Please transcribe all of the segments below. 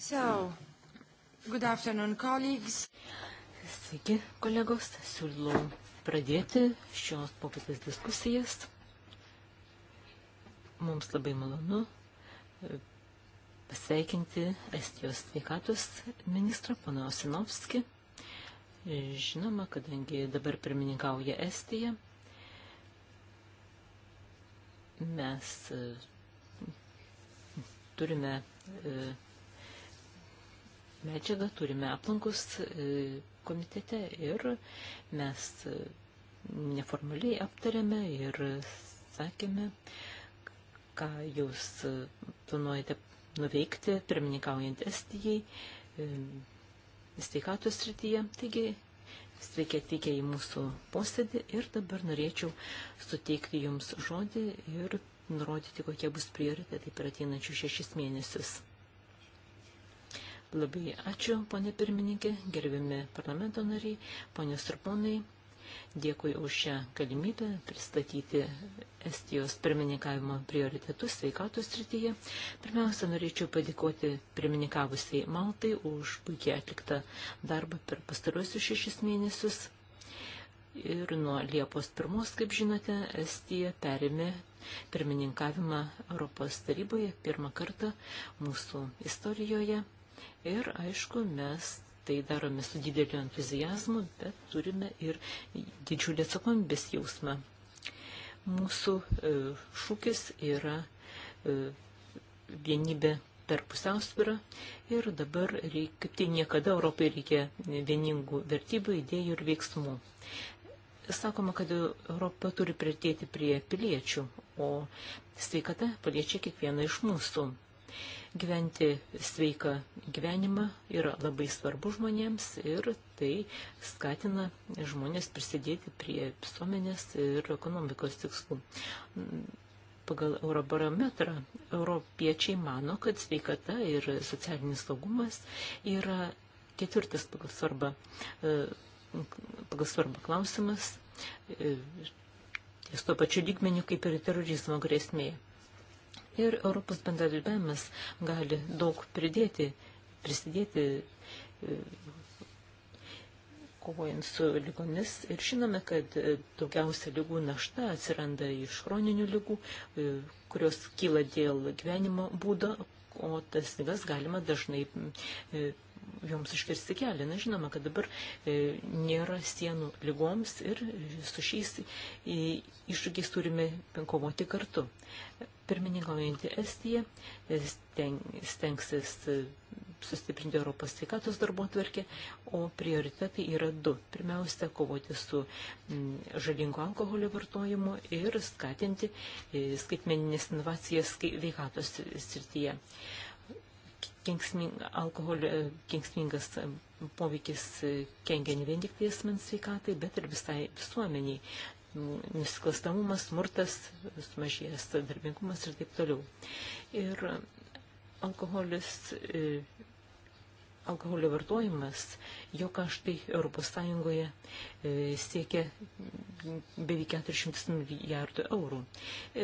So, good afternoon, colleagues. Sveiki, kolegos. Siūlau pradėti šios popietės diskusijas. Mums labai malonu e, pasveikinti Estijos sveikatos ministrą, pana Osinovski. E, žinoma, kadangi dabar pirmininkauja Estija, mes e, turime medžiagą, turime aplankus e, komitete ir mes e, neformaliai aptarėme ir sakėme, ką jūs e, planuojate nuveikti, pirmininkaujant Estijai, sveikatos srityje. Taigi, sveiki atvykę į mūsų posėdį ir dabar norėčiau suteikti jums žodį ir nurodyti, kokie bus prioritetai per ateinančius šešis mėnesius. Labai ačiū, ponė pirmininkė, gerbiami parlamento nariai, ponės ir ponai. Dėkui už šią galimybę pristatyti Estijos pirmininkavimo prioritetus sveikatos srityje. Pirmiausia, norėčiau padėkoti pirmininkavusiai Maltai už puikiai atliktą darbą per pastaruosius šešis mėnesius. Ir nuo Liepos pirmos, kaip žinote, Estija perėmė pirmininkavimą Europos taryboje pirmą kartą mūsų istorijoje. Ir, aišku, mes tai darome su dideliu entuzijazmu, bet turime ir didžiulį atsakomybės jausmą. Mūsų e, šūkis yra e, vienybė per pusiausvyrą ir dabar, reik, kaip tai niekada, Europai reikia vieningų vertybių, idėjų ir veiksmų. Sakoma, kad Europa turi pridėti prie piliečių, o sveikata paliečia kiekvieną iš mūsų. Gyventi sveiką gyvenimą yra labai svarbu žmonėms ir tai skatina žmonės prisidėti prie visuomenės ir ekonomikos tikslų. Pagal Eurobarometrą europiečiai mano, kad sveikata ir socialinis saugumas yra ketvirtas pagal svarbą, e, pagal svarbą klausimas e, ties to pačiu lygmeniu kaip ir terorizmo grėsmėje ir Europos bendradarbiavimas gali daug pridėti, prisidėti e, kovojant su lygomis ir žinome, kad e, daugiausia lygų našta atsiranda iš chroninių lygų, e, kurios kyla dėl gyvenimo būdo, o tas lygas galima dažnai joms iškirsti kelią. Na, žinoma, kad dabar e, nėra sienų lygoms ir su šiais e, iššūkiais turime kovoti kartu. Pirmininkaujantį Estiją e, stengsis sustiprinti Europos sveikatos darbo tvarkę, o prioritetai yra du. Pirmiausia, kovoti su žalingo alkoholio vartojimu ir skatinti skaitmeninės inovacijas sveikatos srityje. Skai, kenksming, alkoholio e, kenksmingas e, poveikis e, kengia ne vien tik tai asmens sveikatai, bet ir visai visuomeniai. Nusiklastamumas, smurtas, sumažėjęs darbingumas ir taip toliau. Ir alkoholis alkoholio vartojimas, jo kaštai Europos Sąjungoje e, siekia beveik 400 milijardų eurų.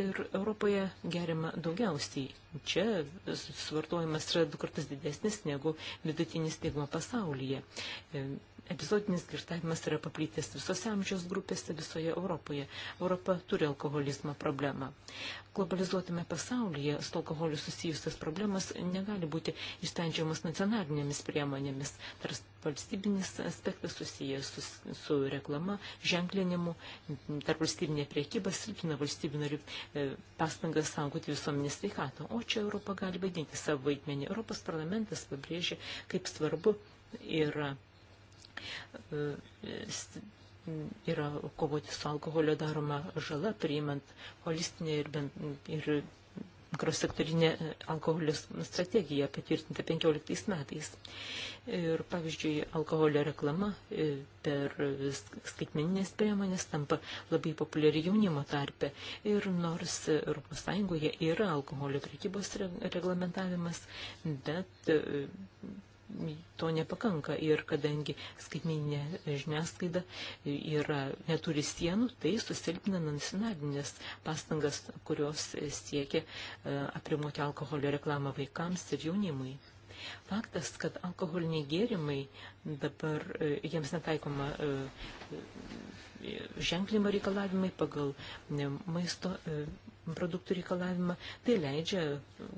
Ir Europoje geriama daugiausiai. Čia suvartojimas yra du kartus didesnis negu vidutinis teigmo pasaulyje. E, epizodinis girtavimas yra paplitęs visose amžiaus grupėse visoje Europoje. Europa turi alkoholizmo problemą. Globalizuotame pasaulyje su alkoholiu susijusios problemas negali būti išsprendžiamas nacionalinėmis priemonėmis. Tarp valstybinis aspektas susijęs su, su reklama, ženklinimu, tarp valstybinė priekyba silpina valstybinio e, pastangas saugoti visuomenės sveikatą. O čia Europa gali vaidinti savo vaidmenį. Europos parlamentas pabrėžė, kaip svarbu yra. Ir yra kovoti su alkoholio daroma žala, priimant holistinę ir, bent, ir mikrosektorinė e, alkoholio strategija patvirtinta 15 metais. Ir pavyzdžiui, alkoholio reklama e, per skaitmeninės priemonės tampa labai populiari jaunimo tarpe. Ir nors ES yra alkoholio prekybos reglamentavimas, bet e, to nepakanka ir kadangi skaitmeninė žiniasklaida yra, neturi sienų, tai susilpina nacionalinės pastangas, kurios siekia e, aprimuoti alkoholio reklamą vaikams ir jaunimui. Faktas, kad alkoholiniai gėrimai dabar e, jiems netaikoma e, ženklimo reikalavimai pagal maisto produktų reikalavimą, tai leidžia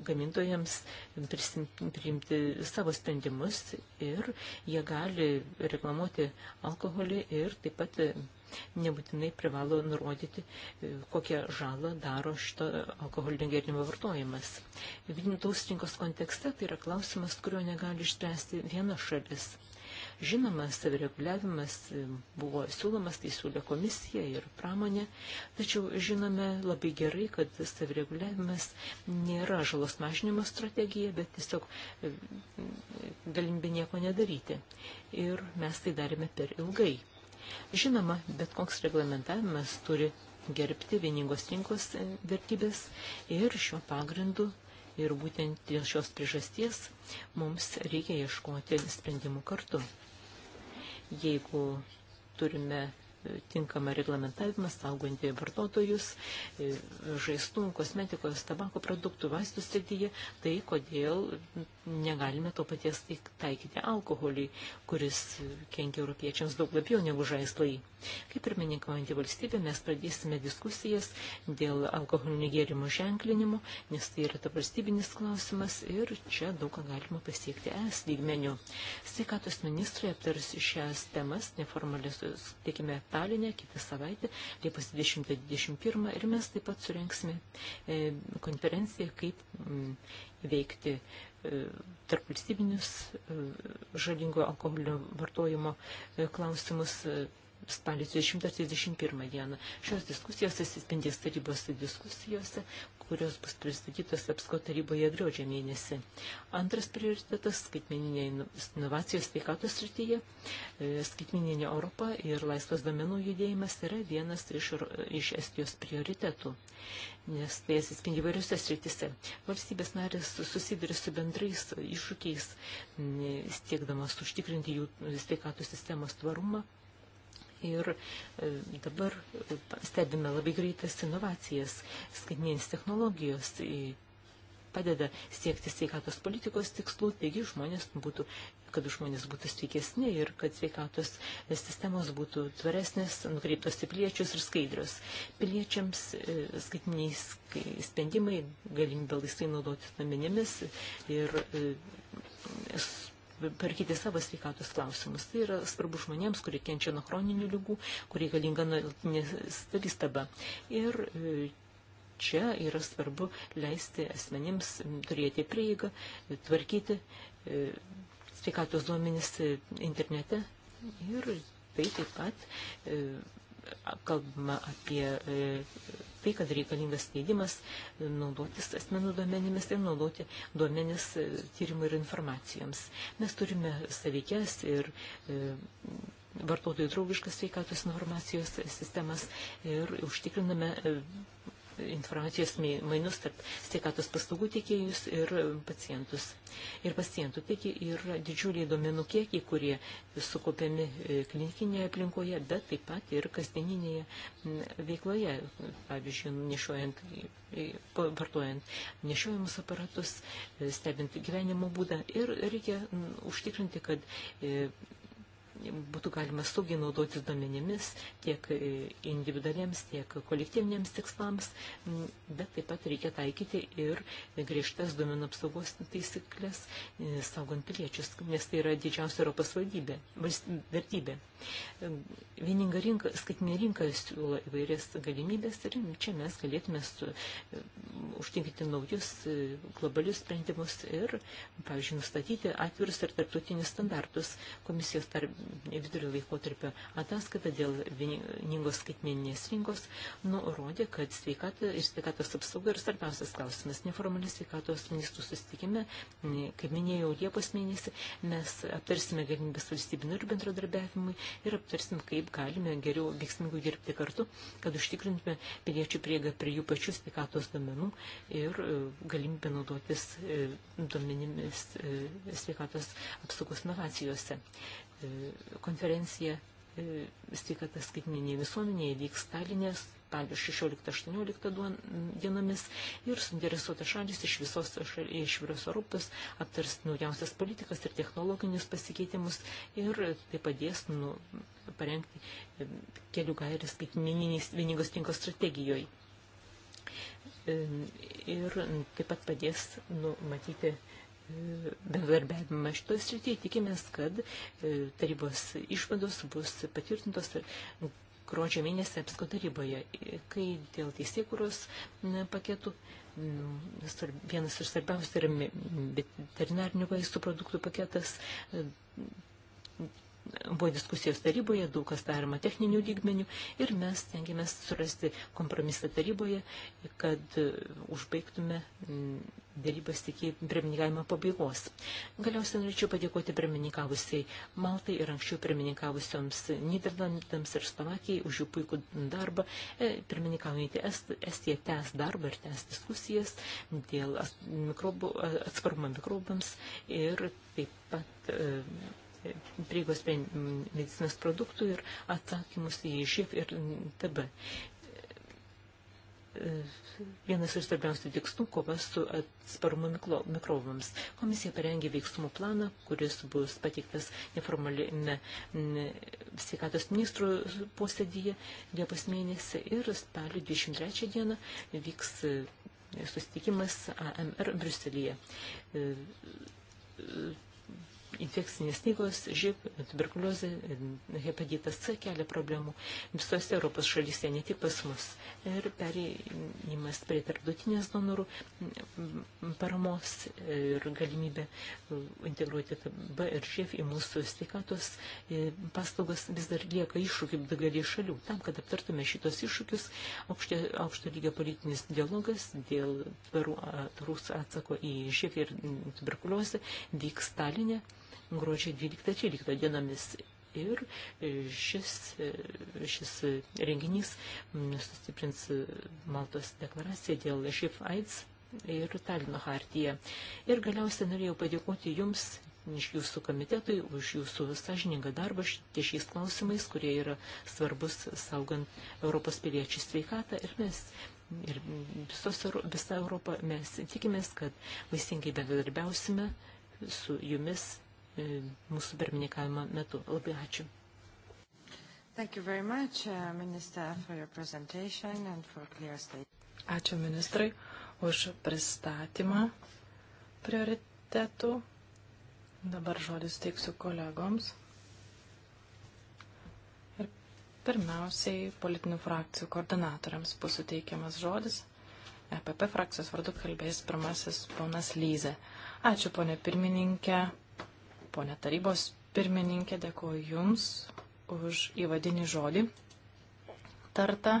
gamintojams priimti savo sprendimus ir jie gali reklamuoti alkoholį ir taip pat nebūtinai privalo nurodyti, kokią žalą daro šito alkoholinio gėrimo vartojimas. Vidaus rinkos kontekste tai yra klausimas, kurio negali išspręsti viena šalis. Žinoma, savireguliavimas e, buvo siūlomas, tai siūlė komisija ir pramonė, tačiau žinome labai gerai, kad savireguliavimas nėra žalos mažinimo strategija, bet tiesiog e, galimybė nieko nedaryti. Ir mes tai darėme per ilgai. Žinoma, bet koks reglamentavimas turi gerbti vieningos rinkos e, vertybės ir šiuo pagrindu ir būtent dėl šios priežasties mums reikia ieškoti sprendimų kartu jeigu turime tinkamą reglamentavimą, saugantį vartotojus, e, žaistų, kosmetikos, tabako produktų, vaistų srityje, tai kodėl negalime to paties tai taikyti alkoholiui, kuris kenkia europiečiams daug labiau negu žaislai. Kaip pirmininkaujantį valstybę mes pradėsime diskusijas dėl alkoholinių gėrimų ženklinimo, nes tai yra ta valstybinis klausimas ir čia daug ką galima pasiekti es lygmenių. Sveikatos ministrai aptars šias temas, neformalius, tikime, Talinė kitą savaitę, Liepos 20-21 ir mes taip pat surenksime e, konferenciją, kaip mm, veikti e, tarp valstybinius e, žalingo alkoholio vartojimo klausimus spalio 131 dieną. Šios diskusijos atsispindės tarybos diskusijose, kurios bus pristatytos EPSCO taryboje gruodžio mėnesį. Antras prioritetas - skaitmeninė inovacijos sveikatos srityje. E, skaitmeninė Europa ir laisvas domenų judėjimas yra vienas iš, iš Estijos prioritetų, nes tai atsispindi įvairiose srityse. Valstybės narės susiduria su bendrais iššūkiais, siekdamas užtikrinti jų sveikatos sistemos tvarumą ir e, dabar e, stebime labai greitas inovacijas, skaitmenis technologijos tai padeda siekti sveikatos politikos tikslų, taigi žmonės būtų, kad žmonės būtų sveikesni ir kad sveikatos sistemos būtų tvaresnės, nukreiptos į piliečius ir skaidrios. Piliečiams e, skaitiniai sprendimai, galimybė laisvai naudotis naminėmis ir parkyti savo sveikatos klausimus. Tai yra svarbu žmonėms, kurie kenčia nuo chroninių lygų, kurie galinga nu, savistaba. Ir e, čia yra svarbu leisti asmenims turėti prieigą, tvarkyti e, sveikatos duomenis e, internete ir tai taip pat kalbama apie tai, kad reikalingas teidimas naudotis asmenų duomenimis ir naudoti duomenis e, tyrimui ir informacijoms. Mes turime saveikės ir e, vartotojų draugiškas sveikatos informacijos sistemas ir užtikriname e, informacijos mainus tarp sveikatos paslaugų tiekėjus ir pacientus. Ir pacientų tiekė yra didžiuliai domenų kiekiai, kurie sukopiami e, klinikinėje aplinkoje, bet taip pat ir kasdieninėje veikloje, pavyzdžiui, nešiojant, e, e, vartojant nešiojimus aparatus, stebint gyvenimo būdą ir reikia užtikrinti, kad būtų galima saugiai naudotis duomenimis tiek e, individualiems, tiek kolektyviniams tikslams, mm, bet taip pat reikia taikyti ir griežtas duomenų apsaugos taisyklės, e, saugant piliečius, nes tai yra didžiausia Europos valdybė, vertybė. E, vieninga rinka, skaitinė rinka siūlo įvairias galimybės ir čia mes galėtume su, užtinkinti naujus globalius sprendimus ir, pavyzdžiui, nustatyti atvirus ir tarptautinius standartus. Komisijos tarp vidurio laikotarpio ataskaita dėl vieningos skaitmeninės rinkos nurodė, kad sveikata ir sveikatos apsauga yra svarbiausias klausimas. Neformalis sveikatos ministrų susitikime, kaip minėjau, Liepos mėnesį mes aptarsime galimybės valstybinų ir bendradarbiavimui ir aptarsim, kaip galime geriau veiksmingai dirbti kartu, kad užtikrintume piliečių prieigą prie jų pačių sveikatos domenų ir galimybę naudotis duomenimis sveikatos apsaugos inovacijose. E, konferencija e, sveikata skaitmeninėje visuomenėje vyks Stalinės spalio 16-18 dienomis ir suinteresuotas šalis iš visos iš visos Europos aptars naujausias politikas ir technologinius pasikeitimus ir tai padės nu, parengti e, kelių gairės skaitmeniniais vieningos rinkos strategijoje. Ir taip pat padės numatyti bendradarbiavimą šitoje srityje. Tikimės, kad e, tarybos išvados bus patvirtintos gruodžio mėnesį apsko taryboje. E, kai dėl teisėkūros paketų, vienas iš svarbiausių yra veterinarinių vaistų produktų paketas, e, buvo diskusijos taryboje, daug kas daroma techninių lygmenių ir mes tengiamės surasti kompromisą taryboje, kad e, užbaigtume mm, dėrybas iki pirmininkavimo pabaigos. Galiausiai norėčiau padėkoti pirmininkavusiai Maltai ir anksčiau pirmininkavusioms Niderlandams ir Slovakijai už jų puikų darbą. E, pirmininkaujantį Estiją tęs darbą ir tęs diskusijas dėl mikrobų, atsparumo mikrobams ir taip pat e, prieigos prie medicinos produktų ir atsakymus į živ ir TB vienas iš svarbiausių tikslų - kova su atsparumu mikrobams. Komisija parengė veiksmų planą, kuris bus pateiktas neformaliame sveikatos ministrų posėdyje Liepos mėnesį ir spalio 23 dieną vyks e, susitikimas AMR Bruselėje e, infekcinės lygos, živ, tuberkuliozė, hepatitas C kelia problemų visose Europos šalyse, ne tik pas mus. Ir perėjimas prie tarptautinės donorų mm, paramos ir galimybė mm, integruoti B ir živ į mūsų sveikatos e, paslaugas vis dar lieka iššūkių daugelį šalių. Tam, kad aptartume šitos iššūkius, aukštė, aukšto lygio politinis dialogas dėl tvarų atsako į živ ir tuberkuliozę vyks Stalinė gruodžio 12-13 dienomis. Ir e, šis, e, šis renginys mm, sustiprins e, Maltos deklaraciją dėl ŽIF AIDS ir Talino hartiją. Ir galiausiai norėjau padėkoti Jums, iš Jūsų komitetui, už Jūsų sąžiningą darbą ties šiais klausimais, kurie yra svarbus saugant Europos piliečių sveikatą. Ir mes, ir visos, visa Europa, mes tikimės, kad vaisingai bendradarbiausime su Jumis E, mūsų pirmininkavimo metu. Labai ačiū. Thank you very much, uh, Minister, for your presentation and for clear statement. Ačiū ministrai už pristatymą prioritetų. Dabar žodis teiksiu kolegoms. Ir pirmiausiai politinių frakcijų koordinatoriams bus suteikiamas žodis. EPP frakcijos vardu kalbės pirmasis ponas Lyze. Ačiū, ponė pirmininkė. Pone tarybos pirmininkė, dėkoju Jums už įvadinį žodį tartą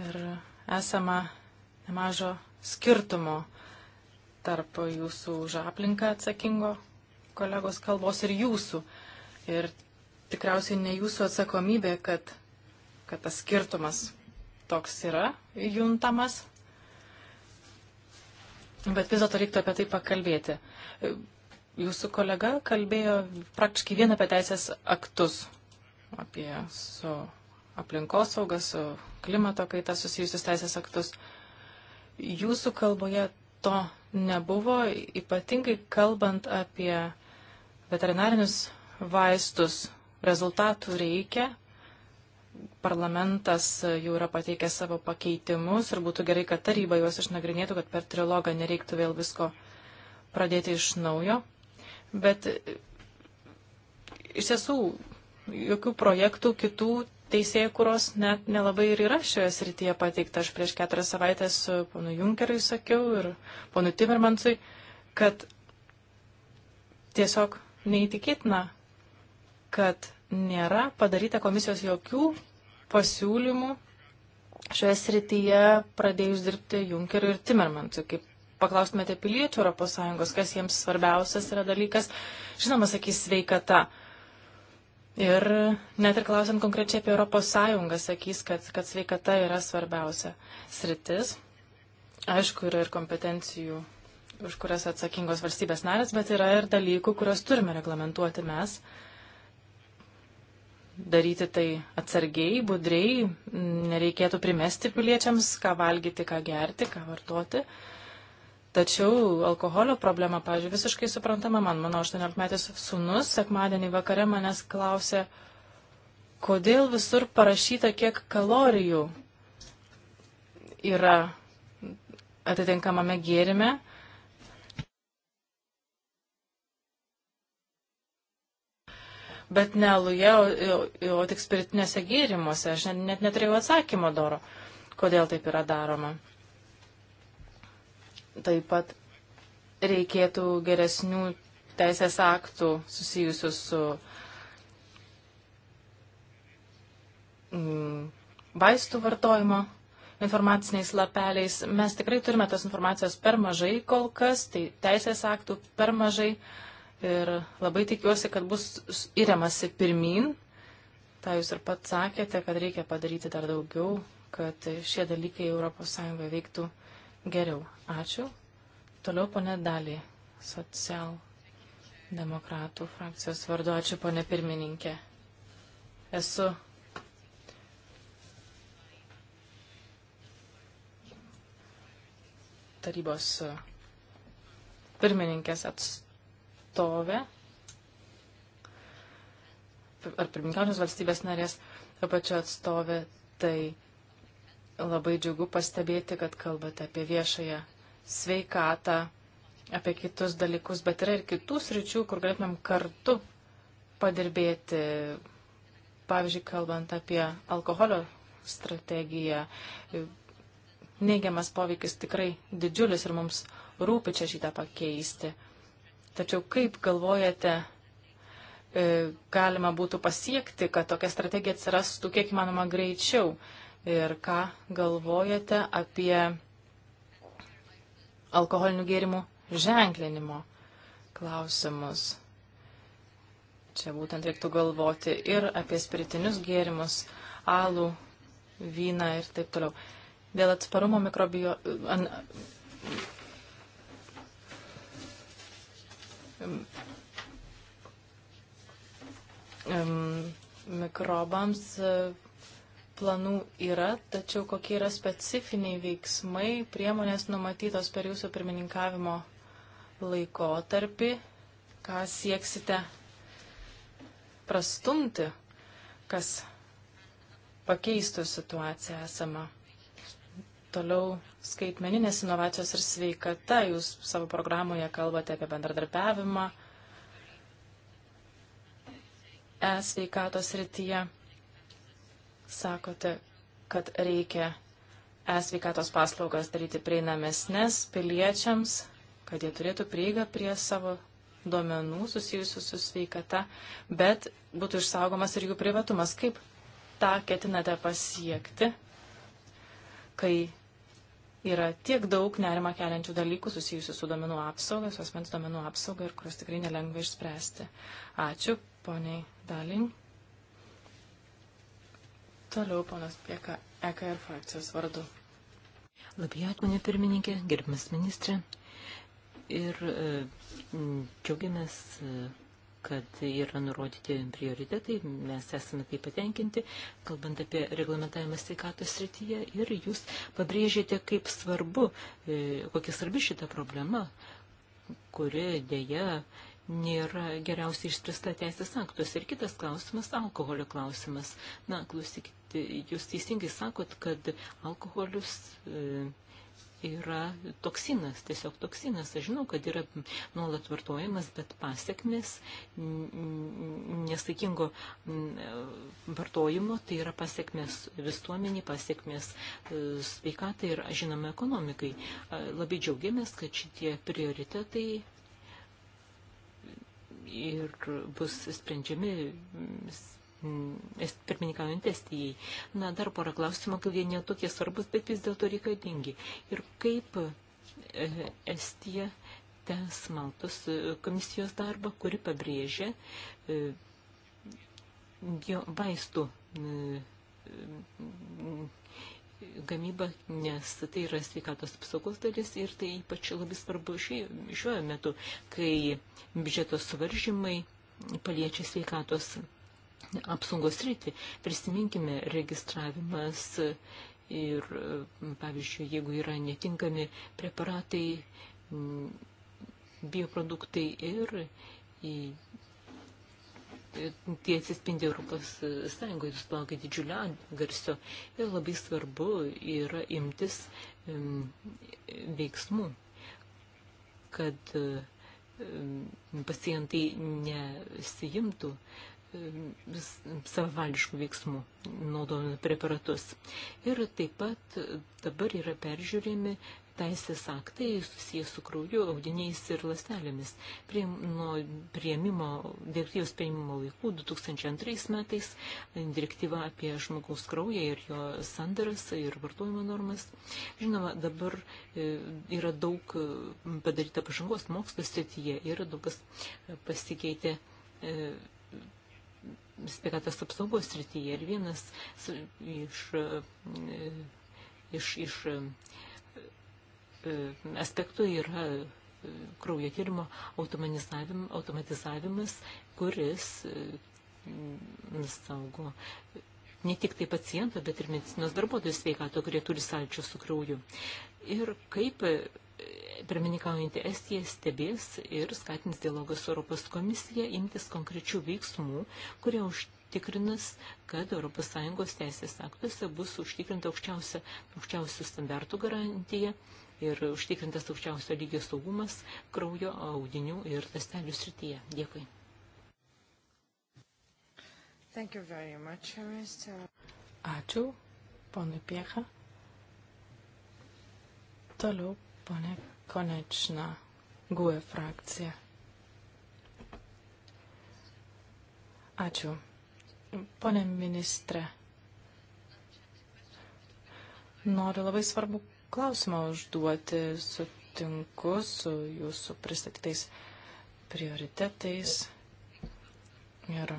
ir esama nemažo skirtumo tarp jūsų už aplinką atsakingo kolegos kalbos ir jūsų. Ir tikriausiai ne jūsų atsakomybė, kad, kad tas skirtumas toks yra juntamas. Bet vis dėlto reiktų apie tai pakalbėti. Jūsų kolega kalbėjo praktiškai vien apie teisės aktus, apie su aplinkosauga, su klimato kaita susijusius teisės aktus. Jūsų kalboje to nebuvo, ypatingai kalbant apie veterinarinius vaistus. Rezultatų reikia, parlamentas jau yra pateikęs savo pakeitimus ir būtų gerai, kad taryba juos išnagrinėtų, kad per trilogą nereiktų vėl visko pradėti iš naujo. Bet iš tiesų jokių projektų kitų teisėjų, kurios net nelabai ir yra šioje srityje pateikta. Aš prieš keturias savaitės su ponu Junkeriu sakiau ir ponu Timermansui, kad tiesiog neįtikėtina, kad nėra padaryta komisijos jokių pasiūlymų šioje srityje pradėjus dirbti Junkeriu ir Timermansui kaip paklaustumėte piliečių ES, kas jiems svarbiausias yra dalykas, žinoma, sakys sveikata. Ir net ir klausant konkrečiai apie ES, sakys, kad, kad sveikata yra svarbiausia sritis. Aišku, yra ir kompetencijų, už kurias atsakingos valstybės narės, bet yra ir dalykų, kuriuos turime reglamentuoti mes daryti tai atsargiai, budriai, nereikėtų primesti piliečiams, ką valgyti, ką gerti, ką vartoti. Tačiau alkoholio problema, pavyzdžiui, visiškai suprantama man. Mano 18-metis sunus sekmadienį vakare manęs klausė, kodėl visur parašyta, kiek kalorijų yra atitinkamame gėrime. Bet ne aluje, o, o, o tik spiritinėse gėrimuose. Aš net, net neturėjau atsakymo doro, kodėl taip yra daroma. Taip pat reikėtų geresnių teisės aktų susijusių su mm, vaistų vartojimo informaciniais lapeliais. Mes tikrai turime tos informacijos per mažai kol kas, tai teisės aktų per mažai ir labai tikiuosi, kad bus įremasi pirmin. Ta jūs ir pat sakėte, kad reikia padaryti dar daugiau, kad šie dalykai ES veiktų Geriau. Ačiū. Toliau ponė Dalį, socialdemokratų frakcijos vardu. Ačiū ponė pirmininkė. Esu tarybos pirmininkės atstovė ar pirmininkiausios valstybės narės apačio atstovė, tai Labai džiugu pastebėti, kad kalbate apie viešąją sveikatą, apie kitus dalykus, bet yra ir kitų sričių, kur galėtumėm kartu padirbėti. Pavyzdžiui, kalbant apie alkoholio strategiją, neigiamas poveikis tikrai didžiulis ir mums rūpi čia šitą pakeisti. Tačiau kaip galvojate, e, galima būtų pasiekti, kad tokia strategija atsirastų kiek įmanoma greičiau? ir ką galvojate apie alkoholinių gėrimų ženklinimo klausimus. Čia būtent reiktų galvoti ir apie spiritinius gėrimus, alų, vyną ir taip toliau. Dėl atsparumo mikrobio... An, um, mikrobams uh, planų yra, tačiau kokie yra specifiniai veiksmai, priemonės numatytos per jūsų pirmininkavimo laikotarpį, ką sieksite prastumti, kas pakeistų situaciją esamą. Toliau skaitmeninės inovacijos ir sveikata. Jūs savo programoje kalbate apie bendradarbiavimą e-sveikatos rytyje sakote, kad reikia esveikatos paslaugas daryti prieinamesnės piliečiams, kad jie turėtų prieigą prie savo duomenų susijusių su sveikata, bet būtų išsaugomas ir jų privatumas. Kaip tą ketinate pasiekti, kai yra tiek daug nerima keliančių dalykų susijusių su duomenų apsauga, su asmens duomenų apsauga ir kuriuos tikrai nelengva išspręsti. Ačiū, poniai Dalin. Toliau ponas Pieka EKR frakcijos vardu. Labai atmanė pirmininkė, gerbimas ministrė. Ir e, džiaugiamės, e, kad yra nurodyti prioritetai, mes esame tai patenkinti, kalbant apie reglamentavimą sveikatos srityje. Ir jūs pabrėžėte, kaip svarbu, e, kokia svarbi šita problema, kuri dėja nėra geriausiai išspręsta teisės aktuose. Ir kitas klausimas - alkoholio klausimas. Na, klausykite E, jūs teisingai sakot, kad alkoholius e, yra toksinas, tiesiog toksinas. Aš žinau, kad yra nuolat vartojimas, bet pasiekmes nesaikingo vartojimo, tai yra pasiekmes visuomenį, pasiekmes e, sveikatai ir, žinoma, ekonomikai. Labai džiaugiamės, kad šitie prioritetai ir bus sprendžiami Mm, pirmininkaujant Estijai. Na, dar porą klausimų, kad jie netokie svarbus, bet vis dėlto reikalingi. Ir kaip e, Estija tęs Maltos e, komisijos darbą, kuri pabrėžia e, vaistų gamybą, nes tai yra sveikatos apsaugos dalis ir tai ypač labai svarbu šiuo metu, kai biudžeto suvaržymai paliečia sveikatos apsaugos apsaugos rytį. Prisiminkime registravimas ir, pavyzdžiui, jeigu yra netinkami preparatai, bioproduktai ir į, tie atsispindi Europos Sąjungoje, jūs laukia didžiulio garsio ir labai svarbu yra imtis veiksmų, kad pacientai nesijimtų uh, savavališkų veiksmų, naudojant preparatus. Ir taip pat dabar yra peržiūrėmi teisės aktai susijęs su krauju, audiniais ir lastelėmis. Prie, nuo prieimimo, direktyvos prieimimo laikų 2002 metais direktyva apie žmogaus kraują ir jo sandaras ir vartojimo normas. Žinoma, dabar e, yra daug e, padaryta pažangos mokslo srityje, yra daug kas e, pasikeitė sveikatos apsaugos srityje. Ir vienas e, iš, iš, iš e, aspektų yra e, kraujo tyrimo automatizavimas, kuris saugo ne tik tai pacientą, bet ir medicinos darbuotojų sveikatą, kurie turi sąlyčio su krauju. Ir kaip pirmininkaujantį Estiją stebės ir skatins dialogą su Europos komisija imtis konkrečių veiksmų, kurie užtikrinas, kad ES teisės aktuose bus užtikrinta aukščiausia, aukščiausių standartų garantija ir užtikrintas aukščiausio lygio saugumas kraujo audinių ir lastelių srityje. Dėkui. Thank you very much, Mr. Ačiū, ponui Piecha. Toliau Pane Konečná, GUE frakcija. Ačiū. Pone ministre, noriu labai svarbu klausimą užduoti. Sutinku su jūsų pristatytais prioritetais ir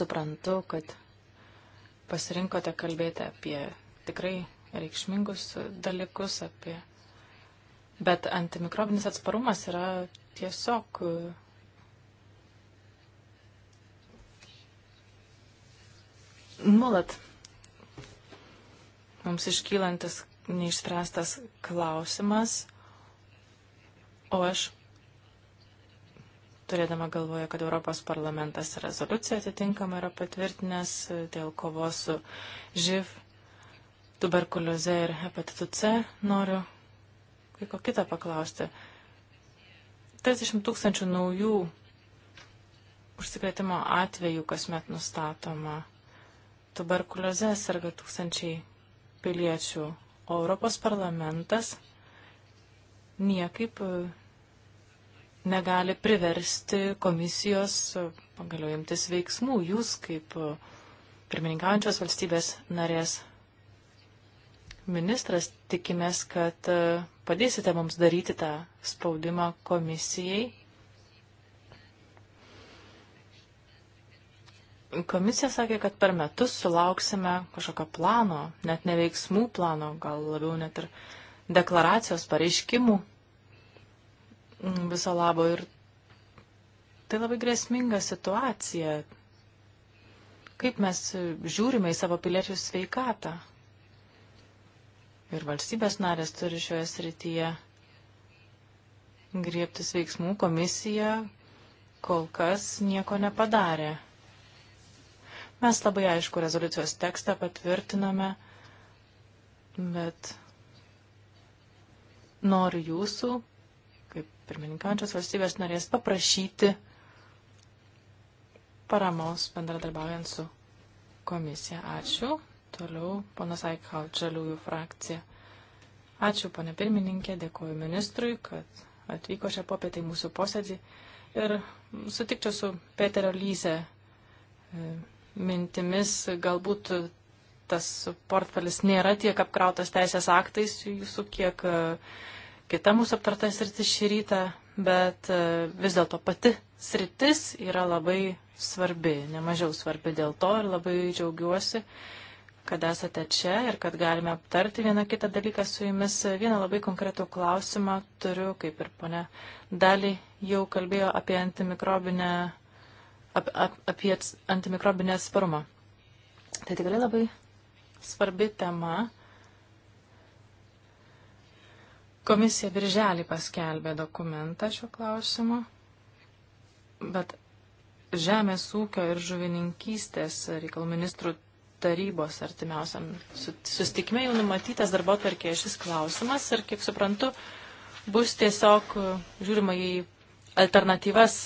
suprantu, kad pasirinkote kalbėti apie tikrai reikšmingus dalykus apie. Bet antimikrobinis atsparumas yra tiesiog e, nuolat mums iškylantis neišspręstas klausimas, o aš, turėdama galvoje, kad Europos parlamentas rezoliuciją atitinkamą yra patvirtinęs dėl kovos su živ tuberkulioze ir hepatitu C, noriu kai ko kitą paklausti. 30 tūkstančių naujų užsikrėtimo atvejų kasmet nustatoma. Tuberkulioze serga tūkstančiai piliečių, o Europos parlamentas niekaip e, negali priversti komisijos e, pagaliau imtis veiksmų. Jūs kaip e, pirmininkaujančios valstybės narės ministras, tikimės, kad e, padėsite mums daryti tą spaudimą komisijai. Komisija sakė, kad per metus sulauksime kažkokio plano, net ne veiksmų plano, gal labiau net ir deklaracijos, pareiškimų viso labo. Ir tai labai grėsminga situacija. Kaip mes žiūrime į savo piliečių sveikatą? ir valstybės narės turi šioje srityje griebtis veiksmų. Komisija kol kas nieko nepadarė. Mes labai aišku rezoliucijos tekstą patvirtiname, bet noriu jūsų, kaip pirmininkančios valstybės narės, paprašyti paramos bendradarbiaujant su komisija. Ačiū. Toliau ponas Aikhaut, žaliųjų frakcija. Ačiū, ponė pirmininkė, dėkuoju ministrui, kad atvyko šią popietę į mūsų posėdį. Ir sutikčiau su Peterio Lyze e, mintimis, galbūt tas portfelis nėra tiek apkrautas teisės aktais jūsų, kiek e, kita mūsų aptarta sritis šį rytą, bet e, vis dėlto pati sritis yra labai svarbi, nemažiau svarbi dėl to ir labai džiaugiuosi, kad esate čia ir kad galime aptarti vieną kitą dalyką su jumis. Vieną labai konkretų klausimą turiu, kaip ir ponė Dali jau kalbėjo apie antimikrobinę, ap, ap, apie antimikrobinę atsparumą. Tai tikrai labai svarbi tema. Komisija birželį paskelbė dokumentą šiuo klausimu, bet Žemės ūkio ir žuvininkystės reikalų ministrų tarybos artimiausiam sustikime jau numatytas darbo tvarkėje šis klausimas ir, kaip suprantu, bus tiesiog e, žiūrima į alternatyvas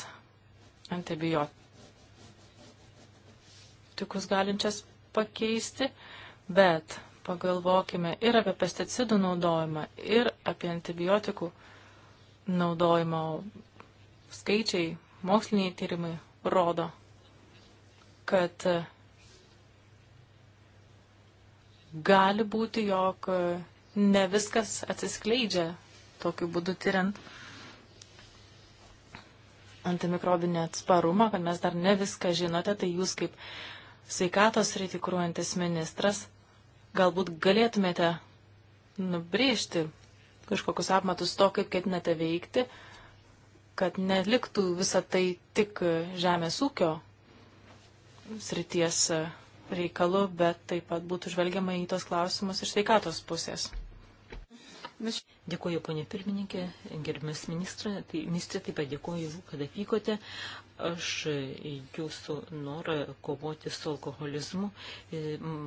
antibiotikus galinčias pakeisti, bet pagalvokime ir apie pesticidų naudojimą, ir apie antibiotikų naudojimą. Skaičiai, moksliniai tyrimai rodo, kad e, gali būti, jog e, ne viskas atsiskleidžia tokiu būdu tyriant antimikrobinį atsparumą, kad mes dar ne viską žinote, tai jūs kaip sveikatos rytį kūruojantis ministras galbūt galėtumėte nubrėžti kažkokius apmatus to, kaip ketinate veikti, kad neliktų visą tai tik žemės ūkio srities e, reikalu, bet taip pat būtų žvelgiama į tos klausimus iš sveikatos pusės. Dėkuoju, ponė pirmininkė, gerbimas ministrė, tai, ministrė taip pat dėkuoju, kad atvykote. Aš jūsų norą kovoti su alkoholizmu e,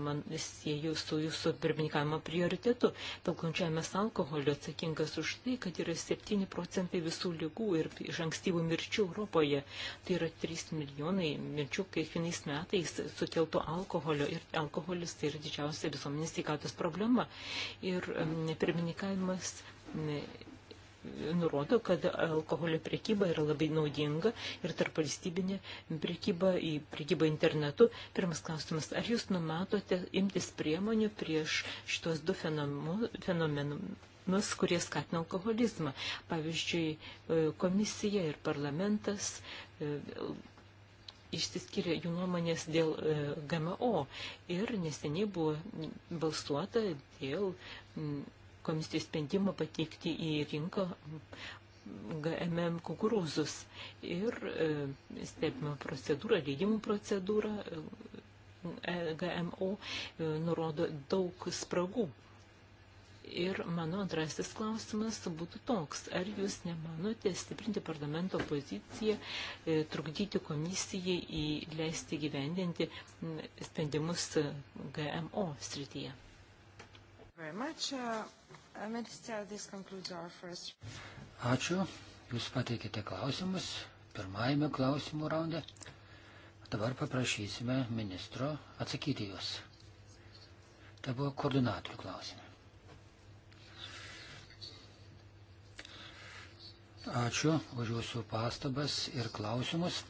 man sieju su jūsų pirmininkavimo prioritetu. Talkončiavimas alkoholio atsakingas už tai, kad yra 7 procentai visų lygų ir iš ankstyvų mirčių Europoje. Tai yra 3 milijonai mirčių kiekvienais metais sukeltų alkoholio ir alkoholis tai yra didžiausia visuomenės sveikatos problema. Ir pirmininkavimas nurodo, kad alkoholio priekyba yra labai naudinga ir tarp valstybinė priekyba į priekybą internetu. Pirmas klausimas, ar jūs numatote imtis priemonių prieš šitos du fenomenus, kurie skatina alkoholizmą? Pavyzdžiui, e, komisija ir parlamentas e, išsiskiria jų nuomonės dėl e, GMO ir neseniai buvo balsuota dėl komisijos sprendimą pateikti į rinką GMM kukurūzus. Ir e, stebime procedūrą, leidimų procedūrą e, GMO e, nurodo daug spragų. Ir mano antrasis klausimas būtų toks, ar jūs nemanote stiprinti parlamento poziciją, trukdyti komisijai įleisti gyvendinti sprendimus GMO srityje? Uh, uh, Ačiū. Jūs pateikite klausimus pirmajame klausimų raunde. Dabar paprašysime ministro atsakyti juos. Tai buvo koordinatorių klausimai. Ačiū už jūsų pastabas ir klausimus.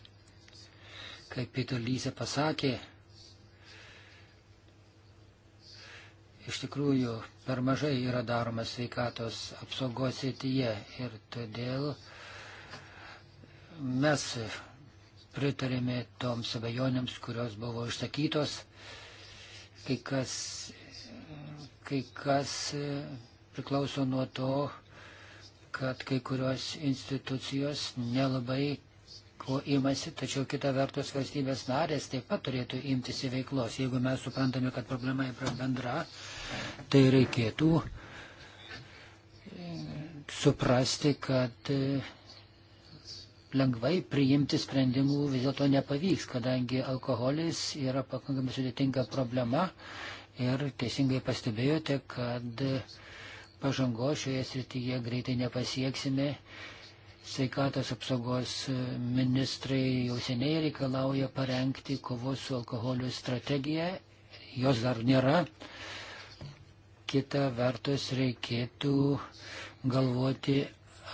Kaip Peter Lyse pasakė, Iš tikrųjų, per mažai yra daroma sveikatos apsaugos srityje ir todėl mes pritarėme toms abejonėms, kurios buvo išsakytos. Kai kas, kai kas priklauso nuo to, kad kai kurios institucijos nelabai ko imasi, tačiau kita vertus valstybės narės taip pat turėtų imtis į veiklos. Jeigu mes suprantame, kad problema yra bendra, tai reikėtų e, suprasti, kad e, lengvai priimti sprendimų vis dėlto nepavyks, kadangi alkoholis yra pakankamai sudėtinga problema ir teisingai pastebėjote, kad e, pažango šioje srityje greitai nepasieksime. Sveikatos apsaugos ministrai jau seniai reikalauja parengti kovos su alkoholiu strategiją, jos dar nėra kita vertus reikėtų galvoti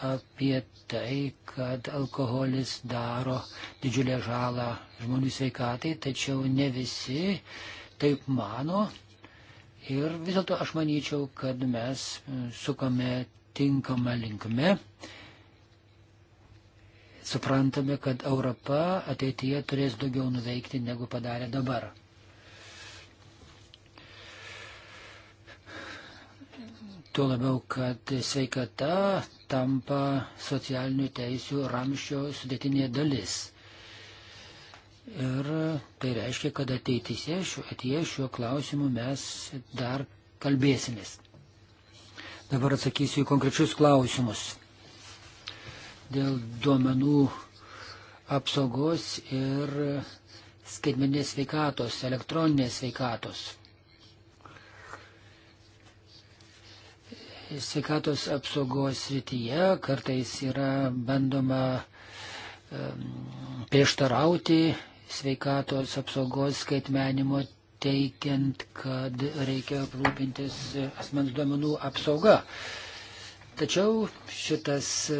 apie tai, kad alkoholis daro didžiulę žalą žmonių sveikatai, tačiau ne visi taip mano. Ir vis dėlto aš manyčiau, kad mes sukame tinkamą linkme. Suprantame, kad Europa ateityje turės daugiau nuveikti, negu padarė dabar. Tuo labiau, kad sveikata tampa socialinių teisių ramščio sudėtinė dalis. Ir tai reiškia, kad ateityse ateitie šiuo klausimu mes dar kalbėsimės. Dabar atsakysiu į konkrečius klausimus. Dėl duomenų apsaugos ir skaitmenės sveikatos, elektroninės sveikatos. sveikatos apsaugos srityje kartais yra bandoma prieštarauti sveikatos apsaugos skaitmenimo teikiant, kad reikia rūpintis asmens duomenų apsauga. Tačiau šitas e,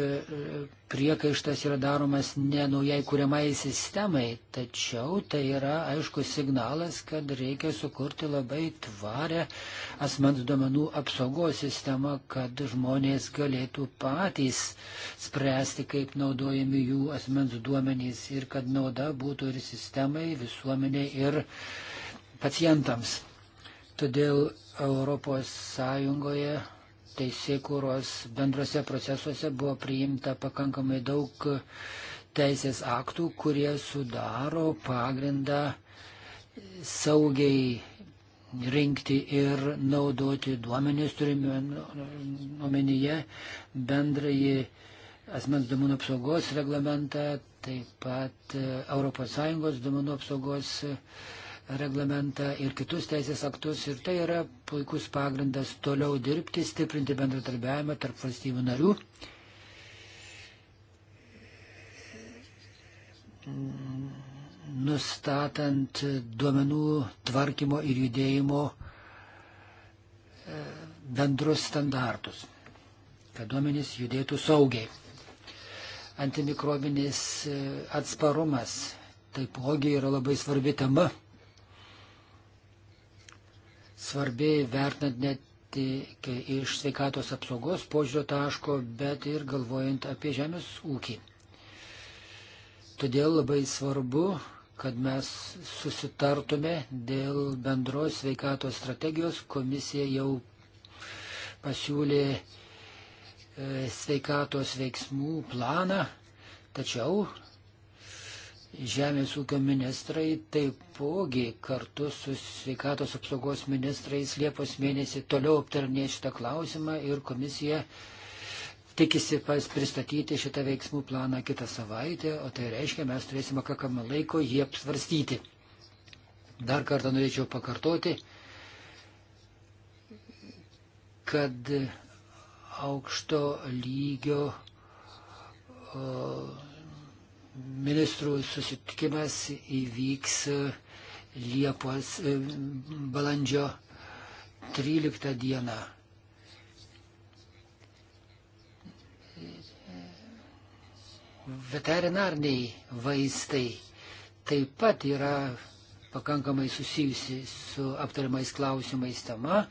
priekaištas yra daromas ne naujai kuriamai sistemai, tačiau tai yra aišku signalas, kad reikia sukurti labai tvarę asmens duomenų apsaugos sistemą, kad žmonės galėtų patys spręsti, kaip naudojami jų asmens duomenys ir kad nauda būtų ir sistemai, visuomeniai ir pacientams. Todėl Europos Sąjungoje teisėkūros bendrose procesuose buvo priimta pakankamai daug teisės aktų, kurie sudaro pagrindą saugiai rinkti ir naudoti duomenys, turime omenyje bendrąjį asmens duomenų apsaugos reglamentą, taip pat ES duomenų apsaugos reglamentą reglamentą ir kitus teisės aktus ir tai yra puikus pagrindas toliau dirbti, stiprinti bendradarbiavimą tarp valstybių narių. nustatant duomenų tvarkymo ir judėjimo e, bendrus standartus, kad duomenys judėtų saugiai. Antimikrobinis e, atsparumas taipogi yra labai svarbi tema svarbi vertinant net tik iš sveikatos apsaugos požiūrio taško, bet ir galvojant apie žemės ūkį. Todėl labai svarbu, kad mes susitartume dėl bendros sveikatos strategijos. Komisija jau pasiūlė e, sveikatos veiksmų planą, tačiau Žemės ūkio ministrai taipogi kartu su sveikatos apsaugos ministrais Liepos mėnesį toliau aptarnė šitą klausimą ir komisija tikisi pas pristatyti šitą veiksmų planą kitą savaitę, o tai reiškia, mes turėsime kakamą laiko jį apsvarstyti. Dar kartą norėčiau pakartoti, kad aukšto lygio o, ministrų susitikimas įvyks e, Liepos e, balandžio 13 dieną. Veterinarniai vaistai taip pat yra pakankamai susijusi su aptariamais klausimais tema.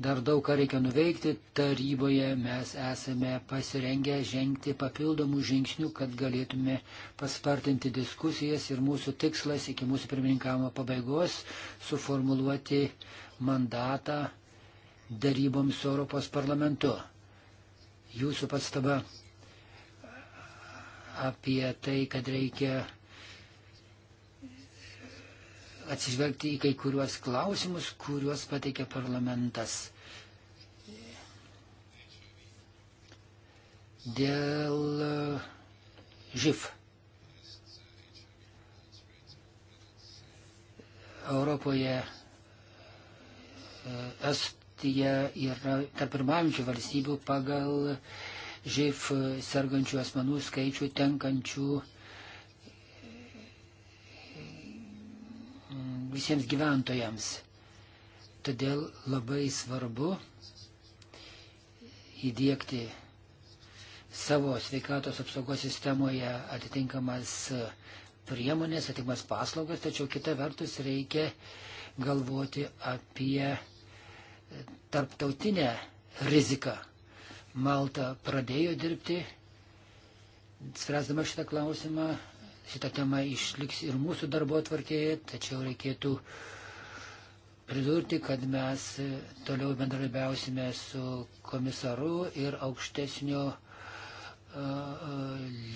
Dar daug ką reikia nuveikti. Taryboje mes esame pasirengę žengti papildomų žingsnių, kad galėtume paspartinti diskusijas ir mūsų tikslas iki mūsų pirmininkavimo pabaigos suformuluoti mandatą daryboms su Europos parlamentu. Jūsų pastaba apie tai, kad reikia atsižvelgti į kai kuriuos klausimus, kuriuos pateikė parlamentas. Dėl e, živ. Europoje e, Estija yra tarp pirmaujančių valstybių pagal živ sergančių asmenų skaičių tenkančių uh, visiems gyventojams. Todėl labai svarbu įdėkti savo sveikatos apsaugos sistemoje atitinkamas priemonės, atitinkamas paslaugas, tačiau kita vertus reikia galvoti apie tarptautinę riziką. Malta pradėjo dirbti, spręsdama šitą klausimą, šita tema išliks ir mūsų darbo atvarkėje, tačiau reikėtų pridurti, kad mes toliau bendradarbiausime su komisaru ir aukštesnio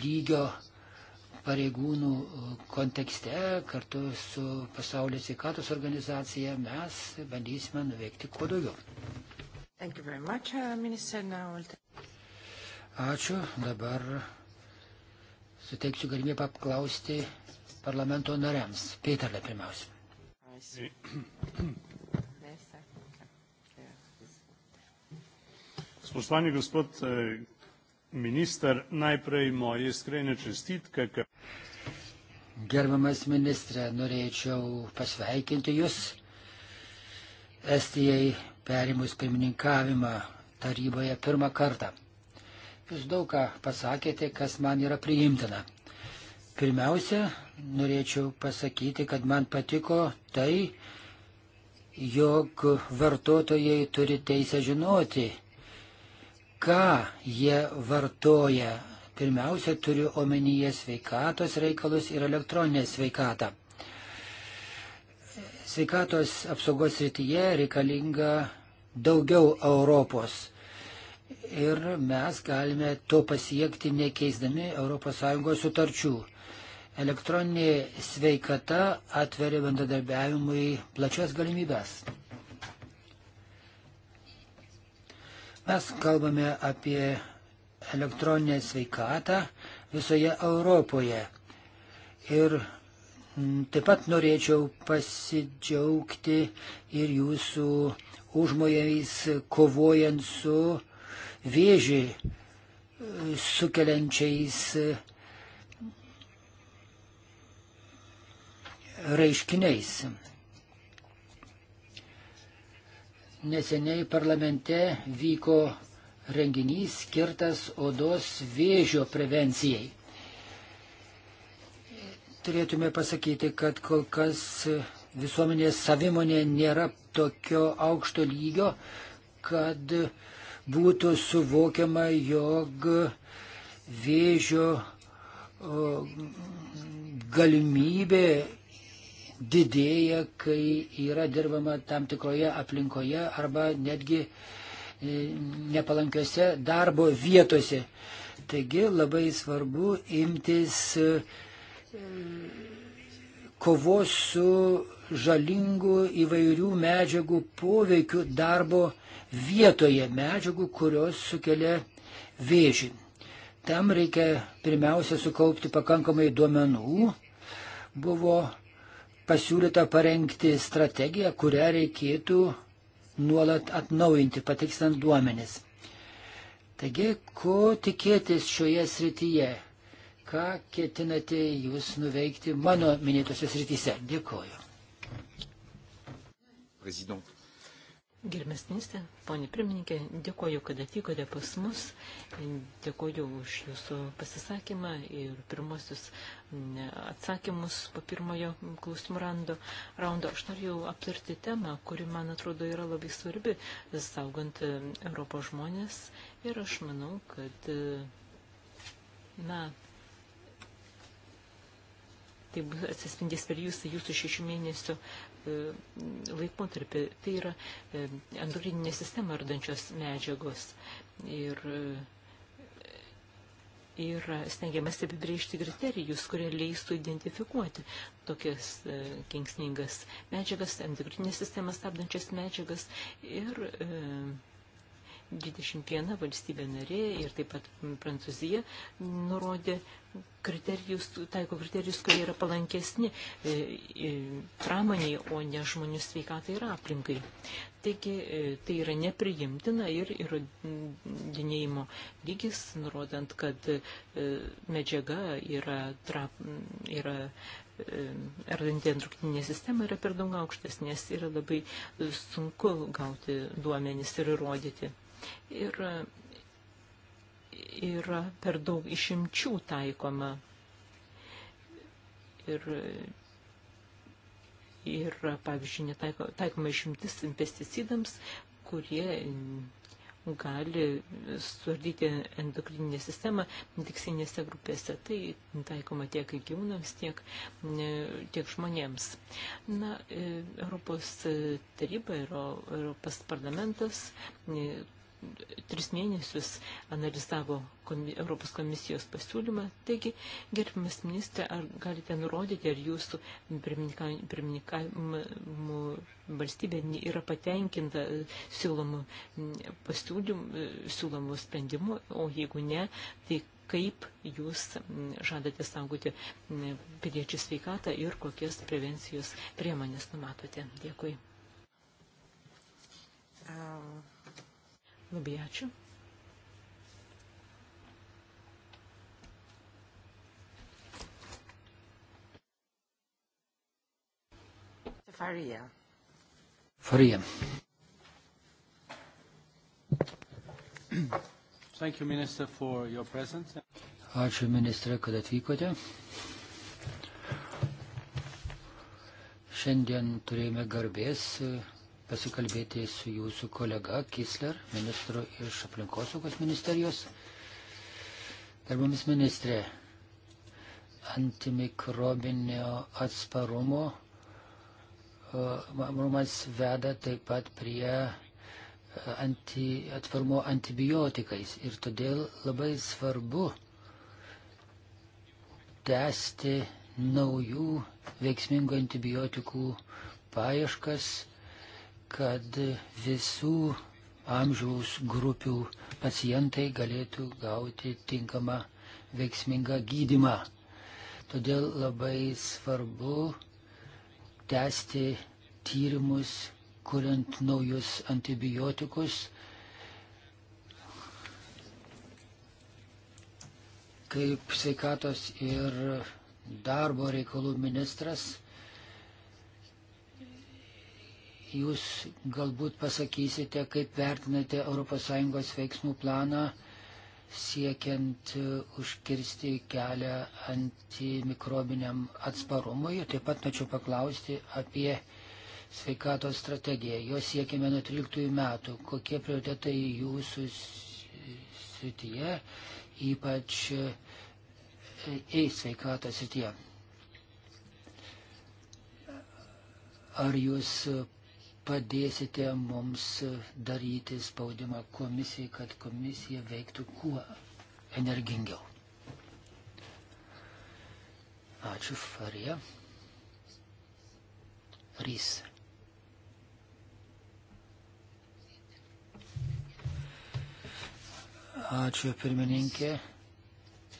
lygio pareigūnų kontekste kartu su pasaulio sveikatos organizacija mes bandysime nuveikti kuo daugiau. Much, uh, Minister, Ačiū. Dabar suteiksiu galimybę paklausti parlamento nariams. Pėterle pirmiausia. Spoštovani gospod e, minister, najprej moje iskrene čestitke. Ka... Gerbiamas ministrė, norėčiau pasveikinti Jūs Estijai perimus pirmininkavimą taryboje pirmą kartą. Jūs daug ką pasakėte, kas man yra priimtina. Pirmiausia, norėčiau pasakyti, kad man patiko tai, jog vartotojai turi teisę žinoti, ką jie vartoja. Pirmiausia, turiu omenyje sveikatos reikalus ir elektroninę sveikatą. Sveikatos apsaugos rytyje reikalinga daugiau Europos ir mes galime to pasiekti nekeisdami ES sutarčių. Elektroninė sveikata atveria bendradarbiavimui plačias galimybės. Mes kalbame apie elektroninę sveikatą visoje Europoje. Ir taip pat norėčiau pasidžiaugti ir jūsų užmojais kovojant su uh, vėžį e, sukeliančiais e, reiškiniais. Neseniai parlamente vyko renginys skirtas odos vėžio prevencijai. Turėtume pasakyti, kad kol kas visuomenės savimonė nėra tokio aukšto lygio, kad uh, būtų suvokiama, jog vėžio galimybė didėja, kai yra dirbama tam tikroje aplinkoje arba netgi e, nepalankiose darbo vietose. Taigi labai svarbu imtis e, kovos su žalingu įvairių medžiagų poveikiu darbo vietoje medžiagų, kurios sukelia vėžį. Tam reikia pirmiausia sukaupti pakankamai duomenų. Buvo pasiūlyta parengti strategiją, kurią reikėtų nuolat atnaujinti, patikstant duomenis. Taigi, ko tikėtis šioje srityje? Ką ketinate jūs nuveikti mano minėtose srityse? Dėkoju. Prezident. Gerbėsnystė, ponė pirmininkė, dėkoju, kad atvykote pas mus, dėkoju už jūsų pasisakymą ir pirmosius atsakymus po pirmojo klausimų rando. raundo. Aš norėjau aptarti temą, kuri, man atrodo, yra labai svarbi, saugant e, Europos žmonės ir aš manau, kad, e, na, tai atsispindės per jūsų, jūsų šešių mėnesių E, laikotarpį. Tai yra e, endokrininė sistema ardančios medžiagos. Ir ir e, stengiamės apibrėžti kriterijus, kurie leistų identifikuoti tokias e, kengsmingas medžiagas, endokrininės sistemas stabdančias medžiagas ir e, 21 valstybė narė ir taip pat Prancūzija nurodė kriterijus, taiko kriterijus, kurie yra palankesni e, e, pramoniai, o ne žmonių sveikatai ir aplinkai. Taigi e, tai yra nepriimtina ir įrodinėjimo lygis, nurodant, kad medžiaga yra, tra, yra ardantį endokrininę sistemą yra per daug aukštas, nes yra labai sunku gauti duomenis ir įrodyti ir yra per daug išimčių taikoma. Ir ir, pavyzdžiui, netaiko, taikoma išimtis pesticidams, kurie gali suardyti endokrininę sistemą diksinėse grupėse. Tai taikoma tiek gyvūnams, tiek, tiek žmonėms. Na, e, Europos taryba ir Europos parlamentas e, tris mėnesius analizavo komi Europos komisijos pasiūlymą. Taigi, gerbimas ministrė, ar galite nurodyti, ar jūsų pirmininkavimo valstybė yra patenkinta siūlomu pasiūlymu, siūlomu sprendimu, o jeigu ne, tai kaip jūs žadate saugoti piliečių sveikatą ir kokias prevencijos priemonės numatote. Dėkui. Um. Labai ačiū. Faria. Faria. Thank you, Minister, for your presence. Ačiū, ministre, kad atvykote. Šiandien turėjome garbės pasikalbėti su jūsų kolega Kisler, ministru iš aplinkosaugos ministerijos. Gerbamis ministrė, antimikrobinio atsparumo e, atsparumas veda taip pat prie e, anti, atsparumo antibiotikais ir todėl labai svarbu tęsti naujų veiksmingų antibiotikų paieškas kad visų amžiaus grupių pacientai galėtų gauti tinkamą veiksmingą gydimą. Todėl labai svarbu tęsti tyrimus, kuriant naujus antibiotikus, kaip sveikatos ir darbo reikalų ministras Jūs galbūt pasakysite, kaip vertinate ES veiksmų planą siekiant e, užkirsti kelią antimikrobiniam atsparumui. Ir taip pat norėčiau paklausti apie sveikatos strategiją. Jo siekime nuo 13 metų. Kokie prioritetai jūsų srityje, ypač e, į sveikatą srityje? Ar jūs padėsite mums daryti spaudimą komisijai, kad komisija veiktų kuo energingiau. Ačiū, Farija. Rys. Ačiū, pirmininkė.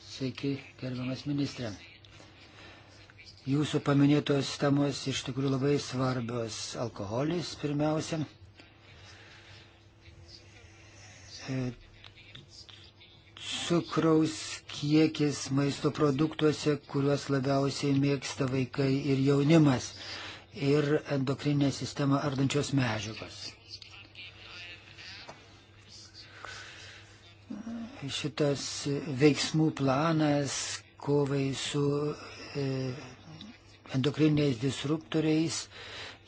Sveiki, gerbiamas ministrė. Jūsų paminėtos temos iš tikrųjų labai svarbios. Alkoholis pirmiausia. E, cukraus kiekis maisto produktuose, kuriuos labiausiai mėgsta vaikai ir jaunimas. Ir endokrininę sistemą ardančios medžiagos. Šitas veiksmų planas kovai su e, endokriniais disruptoriais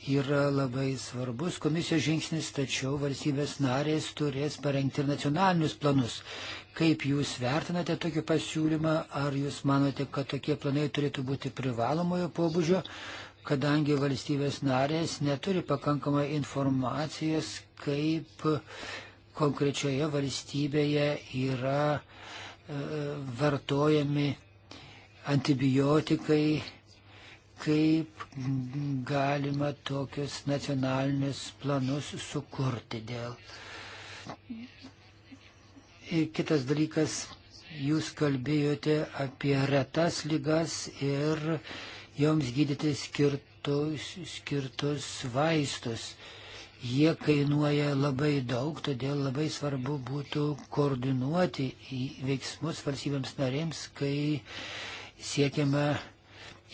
yra labai svarbus komisijos žingsnis, tačiau valstybės narės turės parengti ir nacionalinius planus. Kaip jūs vertinate tokį pasiūlymą, ar jūs manote, kad tokie planai turėtų būti privalomojo pobūdžio, kadangi valstybės narės neturi pakankamai informacijos, kaip konkrečioje valstybėje yra e, vartojami antibiotikai kaip galima tokius nacionalinius planus sukurti dėl. Ir kitas dalykas, jūs kalbėjote apie retas lygas ir joms gydyti skirtus, skirtus vaistus. Jie kainuoja labai daug, todėl labai svarbu būtų koordinuoti veiksmus valstybėms narėms, kai siekiama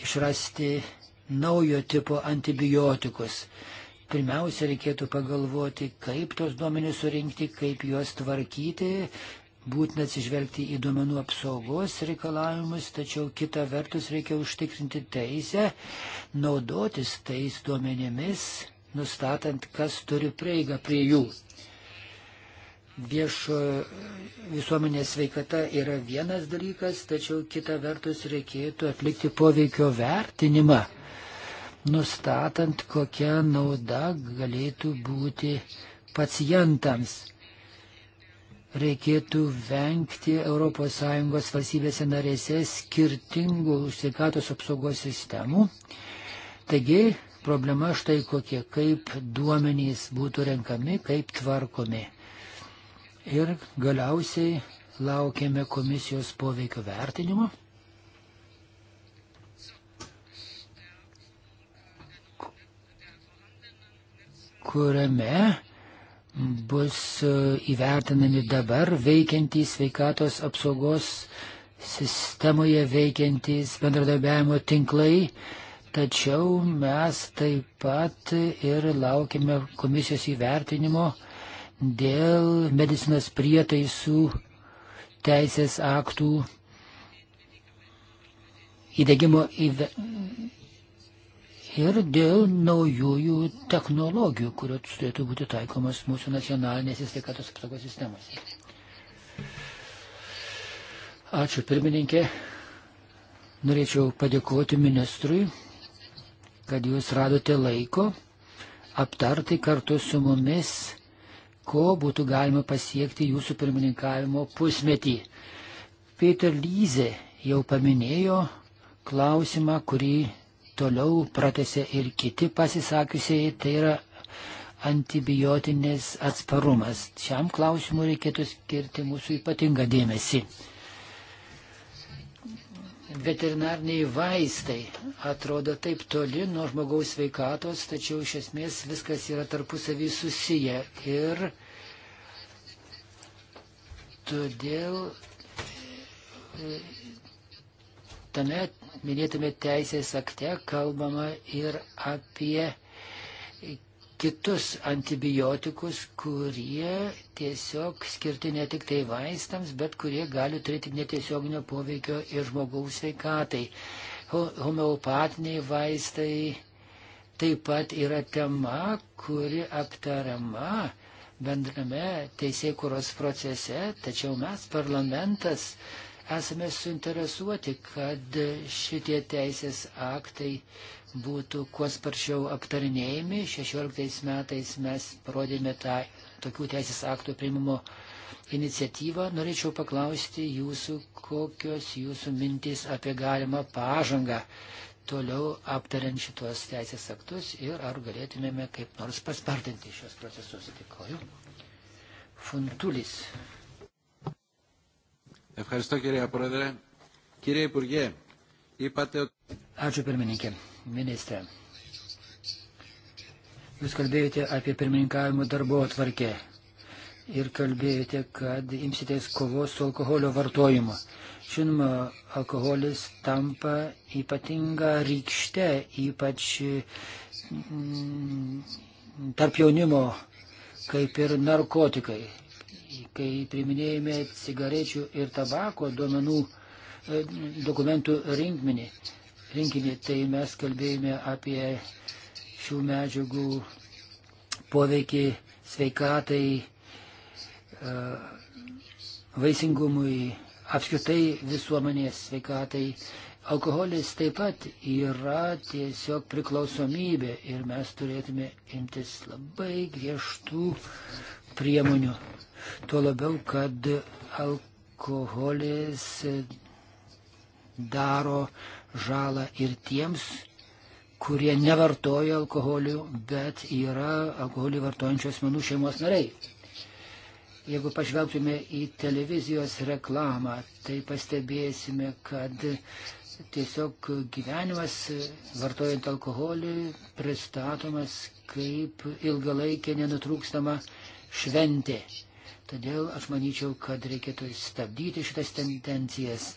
išrasti naujo tipo antibiotikus. Pirmiausia, reikėtų pagalvoti, kaip tos duomenys surinkti, kaip juos tvarkyti, būtina atsižvelgti į duomenų apsaugos reikalavimus, tačiau kita vertus reikia užtikrinti teisę naudotis tais duomenimis, nustatant, kas turi prieigą prie jų viešo e, visuomenės sveikata yra vienas dalykas, tačiau kita vertus reikėtų atlikti poveikio vertinimą, nustatant, kokia nauda galėtų būti pacientams. Reikėtų vengti ES valstybėse narėse skirtingų sveikatos apsaugos sistemų. Taigi, problema štai kokia, kaip duomenys būtų renkami, kaip tvarkomi ir galiausiai laukiame komisijos poveikio vertinimo. kuriame bus e, įvertinami dabar veikiantys sveikatos apsaugos sistemoje veikiantys bendradarbiavimo tinklai, tačiau mes taip pat ir laukime komisijos įvertinimo dėl medicinos prietaisų teisės aktų įdėgymo įve... ir dėl naujųjų technologijų, kurios turėtų būti taikomas mūsų nacionalinės įsteikatos apsaugos sistemos. Ačiū pirmininkė. Norėčiau padėkoti ministrui, kad jūs radote laiko aptarti kartu su mumis ko būtų galima pasiekti jūsų pirmininkavimo pusmetį. Peter Lyze jau paminėjo klausimą, kurį toliau pratėse ir kiti pasisakiusiai, tai yra antibiotinis atsparumas. Šiam klausimui reikėtų skirti mūsų ypatingą dėmesį veterinariniai vaistai atrodo taip toli nuo žmogaus sveikatos, tačiau iš esmės viskas yra tarpusavį susiję. Ir todėl e, tame minėtame teisės akte kalbama ir apie kitus antibiotikus, kurie tiesiog skirti ne tik tai vaistams, bet kurie gali turėti netiesioginio poveikio ir žmogaus sveikatai. Homeopatiniai vaistai taip pat yra tema, kuri aptariama bendrame teisėkuros procese, tačiau mes, parlamentas, esame suinteresuoti, kad šitie teisės aktai būtų kuo sparčiau aptarinėjami. 16 metais mes parodėme tą tokių teisės aktų priimimo iniciatyvą. Norėčiau paklausti jūsų, kokios jūsų mintys apie galimą pažangą toliau aptariant šitos teisės aktus ir ar galėtumėme kaip nors paspartinti šios procesus. Dėkoju. Funtulis. Ευχαριστώ κυρία Πρόεδρε. Κύριε Υπουργέ, Είπατε ότι... Ačiū pirmininkė, ministrė. Jūs kalbėjote apie pirmininkavimo darbo atvarkę ir kalbėjote, kad imsitės kovos su alkoholio vartojimu. Žinoma, alkoholis tampa ypatinga rykšte, ypač mm, tarp jaunimo, kaip ir narkotikai. Kai priminėjome cigarečių ir tabako duomenų, dokumentų rinkminį. rinkinį. Tai mes kalbėjome apie šių medžiagų poveikį sveikatai, e, vaisingumui, apskritai visuomenės sveikatai. Alkoholis taip pat yra tiesiog priklausomybė ir mes turėtume imtis labai griežtų priemonių. Tuo labiau, kad alkoholis daro žalą ir tiems, kurie nevartoja alkoholių, bet yra alkoholį vartojančių asmenų šeimos nariai. Jeigu pažvelgtume į televizijos reklamą, tai pastebėsime, kad tiesiog gyvenimas vartojant alkoholį pristatomas kaip ilgalaikė nenutrūkstama šventė. Todėl aš manyčiau, kad reikėtų stabdyti šitas tendencijas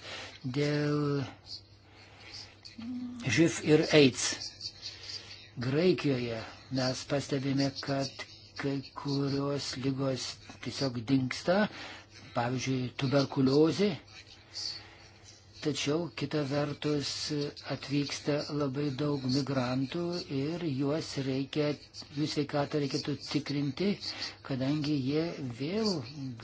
dėl živ ir AIDS. Graikijoje mes pastebime, kad kai kurios lygos tiesiog dinksta, pavyzdžiui, tuberkuliozė. Tačiau kita vertus atvyksta labai daug migrantų ir juos reikia, jų sveikatą reikėtų tikrinti, kadangi jie vėl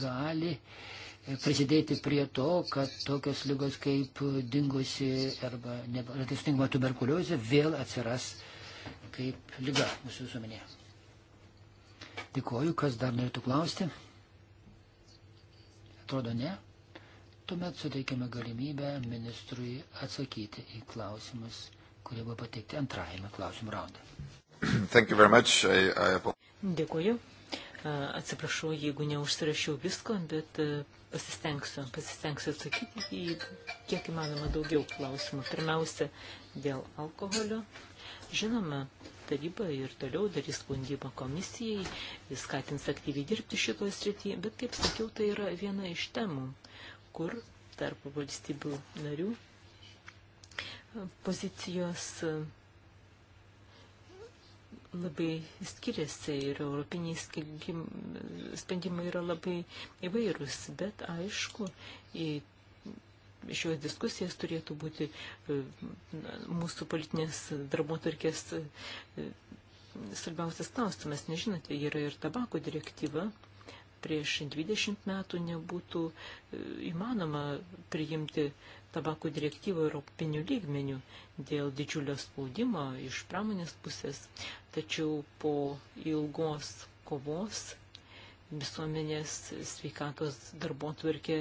gali uh, prisidėti prie to, kad tokios lygos kaip dingusi arba netestingma tuberkuliozė vėl atsiras kaip lyga mūsų visuomenėje. Dėkuoju, kas dar norėtų klausti? Atrodo ne. Tuomet suteikime galimybę ministrui atsakyti į klausimus, kurie buvo pateikti antrajame klausimų raunde. I, I... Dėkuoju. Atsiprašau, jeigu neužsirašiau visko, bet e, pasistengsiu, pasistengsiu atsakyti į kiek įmanoma daugiau klausimų. Pirmiausia, dėl alkoholio. Žinoma, taryba ir toliau darys skundimą komisijai, jis skatins aktyviai dirbti šitoje srityje, bet, kaip sakiau, tai yra viena iš temų, kur tarp valstybių narių pozicijos labai skiriasi ir europiniai sprendimai yra labai įvairūs, bet aišku, į šios diskusijas turėtų būti e, mūsų politinės darbotvarkės e, svarbiausias klausimas. Nežinote, yra ir tabako direktyva prieš 20 metų nebūtų e, įmanoma priimti tabako direktyvą europinių lygmenių dėl didžiulio spaudimo iš pramonės pusės, tačiau po ilgos kovos visuomenės sveikatos darbotvarkė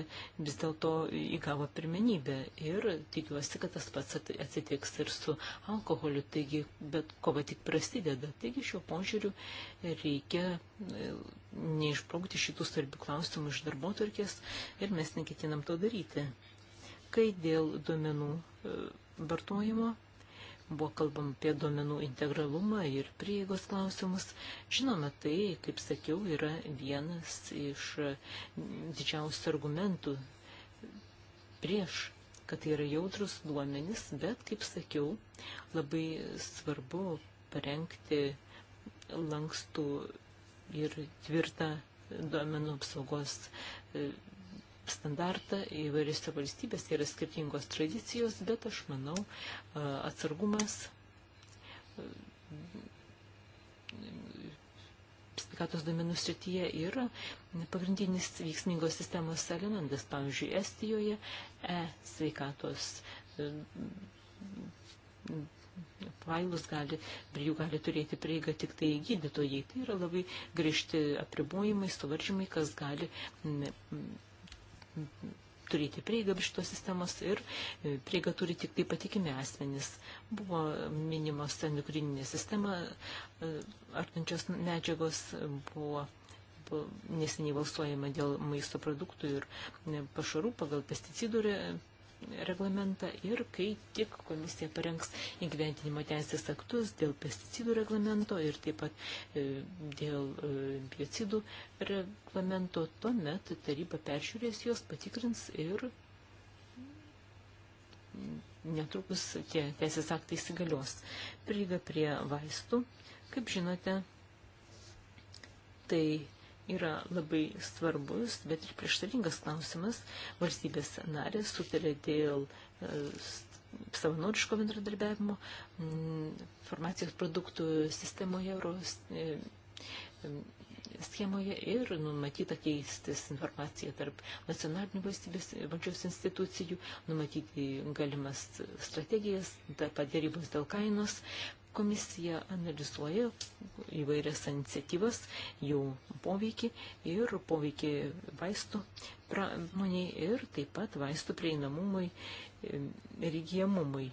vis dėlto įgavo pirmenybę ir tikiuosi, kad tas pats atsitiks ir su alkoholiu, taigi, bet kova tik prasideda. Taigi šiuo požiūriu reikia e, neišbraukti šitų svarbių klausimų iš darbotvarkės ir mes neketinam to daryti. Kai dėl duomenų e, vartojimo Buvo kalbam apie duomenų integralumą ir prieigos klausimus. Žinoma, tai, kaip sakiau, yra vienas iš didžiausių argumentų prieš, kad tai yra jautrus duomenys, bet, kaip sakiau, labai svarbu parengti lankstų ir tvirtą duomenų apsaugos standartą įvairiose valstybėse yra skirtingos tradicijos, bet aš manau, atsargumas sveikatos duomenų srityje yra pagrindinis veiksmingos sistemos elementas. Pavyzdžiui, Estijoje e-sveikatos failus gali, prie jų gali turėti prieigą tik tai gydytojai. Tai yra labai griežti apribojimai, suvaržymai, kas gali turėti prieigą šitos sistemos ir e, prieigą turi tik tai patikimi asmenys. Buvo minimos endokrininė sistema, e, artančios medžiagos buvo, buvo neseniai valsuojama dėl maisto produktų ir e, pašarų pagal pesticidų reglamentą ir kai tik komisija parengs įgyventinimo teisės aktus dėl pesticidų reglamento ir taip pat e, dėl e, biocidų reglamento, tuomet taryba peržiūrės juos, patikrins ir netrukus tie teisės aktai įsigalios. Prieiga prie vaistų, kaip žinote, tai yra labai svarbus, bet ir prieštaringas klausimas. Valstybės narės sutarė dėl e, savanoriško bendradarbiavimo mm, farmacijos produktų sistemoje Euros e, e, schemoje ir numatyta keistis informacija tarp nacionalinių valstybės valdžios institucijų, numatyti galimas strategijas, padėrybos dėl kainos, Komisija analizuoja įvairias iniciatyvas, jų poveikį ir poveikį vaistų pramoniai ir taip pat vaistų prieinamumui ir įgyjamumui.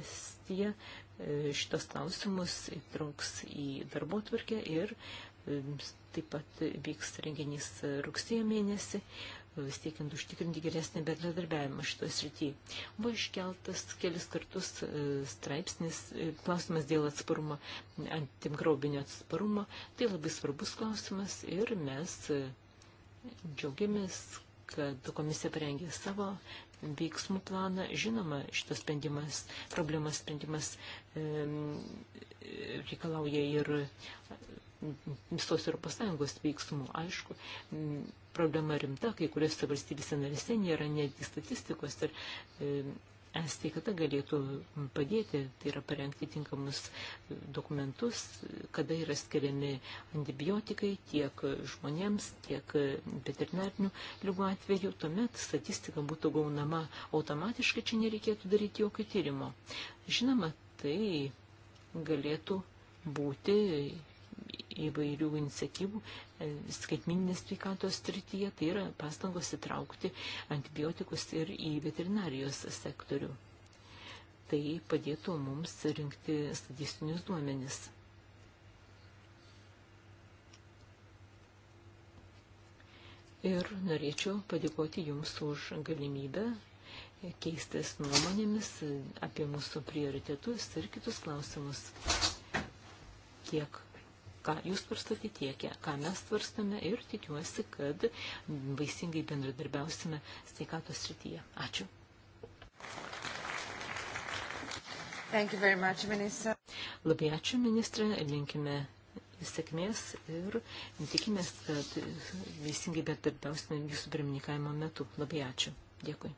Estija e, šitos klausimus įtrauks į darbo tvarkę ir taip pat vyks renginys rugsėjo mėnesį siekiant užtikrinti geresnį bendradarbiavimą šitoje srityje. Buvo iškeltas kelis kartus e, straipsnis, e, klausimas dėl atsparumo, antimkrobinio atsparumo. Tai labai svarbus klausimas ir mes e, džiaugiamės, kad komisija parengė savo veiksmų planą. Žinoma, šitas sprendimas, problemos sprendimas e, reikalauja ir visos Europos Sąjungos veiksmų. Aišku, problema rimta, kai kuriuose valstybėse narėse nėra netgi statistikos ir e, Esteikata galėtų padėti, tai yra parengti tinkamus dokumentus, kada yra skiriami antibiotikai tiek žmonėms, tiek veterinarinių lygų atveju, tuomet statistika būtų gaunama automatiškai, čia nereikėtų daryti jokio tyrimo. Žinoma, tai galėtų būti įvairių iniciatyvų e, skaitmininės sveikatos srityje, tai yra pastangos įtraukti antibiotikus ir į veterinarijos sektorių. Tai padėtų mums rinkti statistinius duomenis. Ir norėčiau padėkoti Jums už galimybę keistis nuomonėmis apie mūsų prioritetus ir kitus klausimus. Tiek ką jūs svarstote tiek, ką mes svarstame ir tikiuosi, kad vaisingai bendradarbiausime sveikatos srityje. Ačiū. Thank you very much, minister. Labai ačiū, ministrė, linkime sėkmės ir tikimės, kad vaisingai bendradarbiausime jūsų pirmininkavimo metu. Labai ačiū. Dėkui.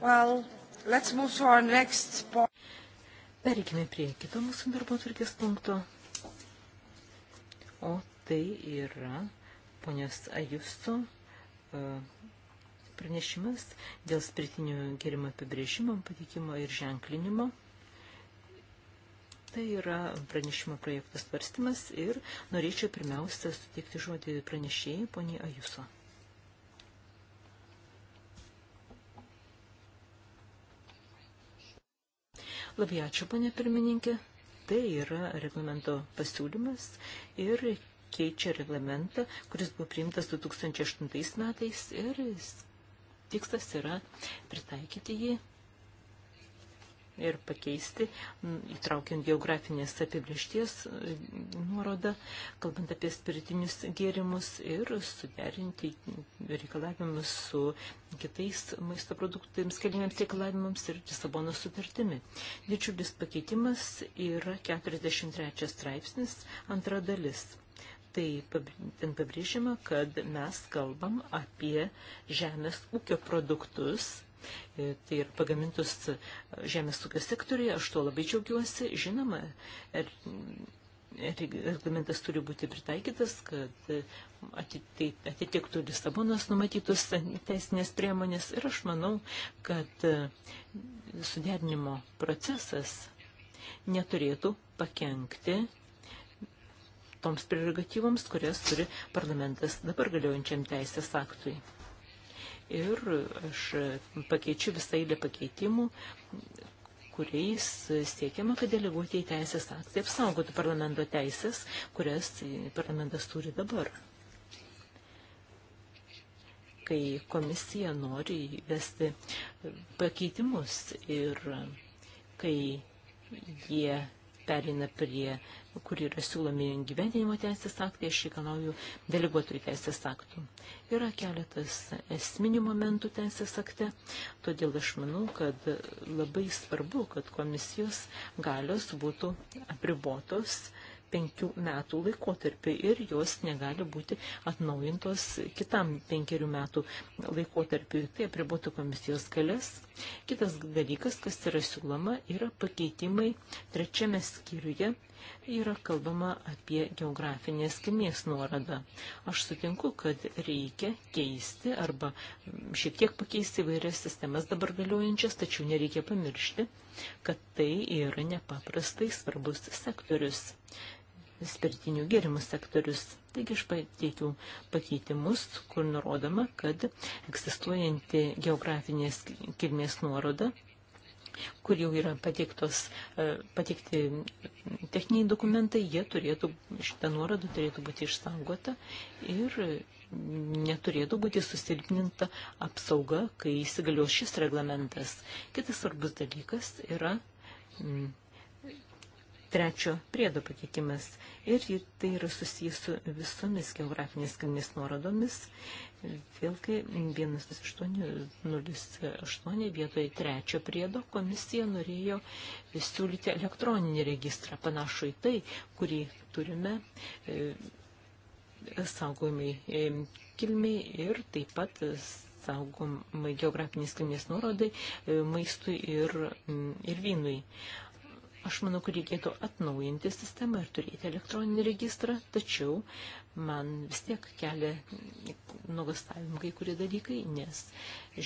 Well, let's move to our next point. Pereikime prie kito mūsų darbo turkės punkto. O tai yra ponios Ajusto e, pranešimas dėl spritinių gėrimų apibrėžimo, patikimo ir ženklinimo. Tai yra pranešimo projektas svarstymas ir norėčiau pirmiausia suteikti žodį pranešėjai poniai Ajuso. Labai ačiū, ponė pirmininkė. Tai yra reglamento pasiūlymas ir keičia reglamentą, kuris buvo priimtas 2008 metais ir tikslas yra pritaikyti jį ir pakeisti, įtraukiant geografinės apibriešties e, nuorodą, kalbant apie spiritinius gėrimus ir suderinti reikalavimus su kitais maisto produktams, keliniams reikalavimams ir Lisabono sutartimi. Didžiulis pakeitimas yra 43 straipsnis, antra dalis tai ten pabrėžiama, kad mes kalbam apie žemės ūkio produktus E, tai ir pagamintus žemės ūkio sektoriuje, aš tuo labai džiaugiuosi, žinoma, ir er, er, reglamentas turi būti pritaikytas, kad e, tai atitiktų Lisabonos numatytus teisinės priemonės ir aš manau, kad e, suderinimo procesas neturėtų pakengti toms prerogatyvoms, kurias turi parlamentas dabar galiojančiam teisės aktui ir aš pakeičiu visą eilę pakeitimų, kuriais siekiama, kad deleguotieji teisės aktai apsaugotų parlamento teisės, kurias parlamentas turi dabar. Kai komisija nori įvesti pakeitimus ir kai jie perina prie, kur yra siūlomi gyvenimo teisės aktai, aš reikalauju deleguotojų teisės aktų. Yra keletas esminių momentų teisės akte, todėl aš manau, kad labai svarbu, kad komisijos galios būtų apribotos penkių metų laikotarpį ir jos negali būti atnaujintos kitam penkerių metų laikotarpiu. Tai apribotų komisijos galės. Kitas dalykas, kas yra siūloma, yra pakeitimai trečiame skyriuje yra kalbama apie geografinės kilmės nuorodą. Aš sutinku, kad reikia keisti arba šiek tiek pakeisti įvairias sistemas dabar galiojančias, tačiau nereikia pamiršti, kad tai yra nepaprastai svarbus sektorius spirtinių gėrimų sektorius. Taigi aš pateikiau pakeitimus, kur nurodoma, kad egzistuojanti geografinės kilmės nuoroda kur jau yra pateiktos, e, pateikti techniniai dokumentai, jie turėtų, šitą nuorodą turėtų būti išsaugota ir neturėtų būti susilpninta apsauga, kai įsigalios šis reglamentas. Kitas svarbus dalykas yra mm, trečio priedo pakeitimas. Ir tai yra susijęs su visomis geografinės kilmės nuorodomis. Vėlgi 1808 vietoje trečio priedo komisija norėjo siūlyti elektroninį registrą, panašu į tai, kurį turime e, saugomai e, kilmiai ir taip pat saugomai geografinės kilmės nuorodai e, maistui ir, ir vynui. E, Aš manau, kad reikėtų atnaujinti sistemą ir turėti elektroninį registrą, tačiau man vis tiek kelia nuogastavimų kai kurie dalykai, nes,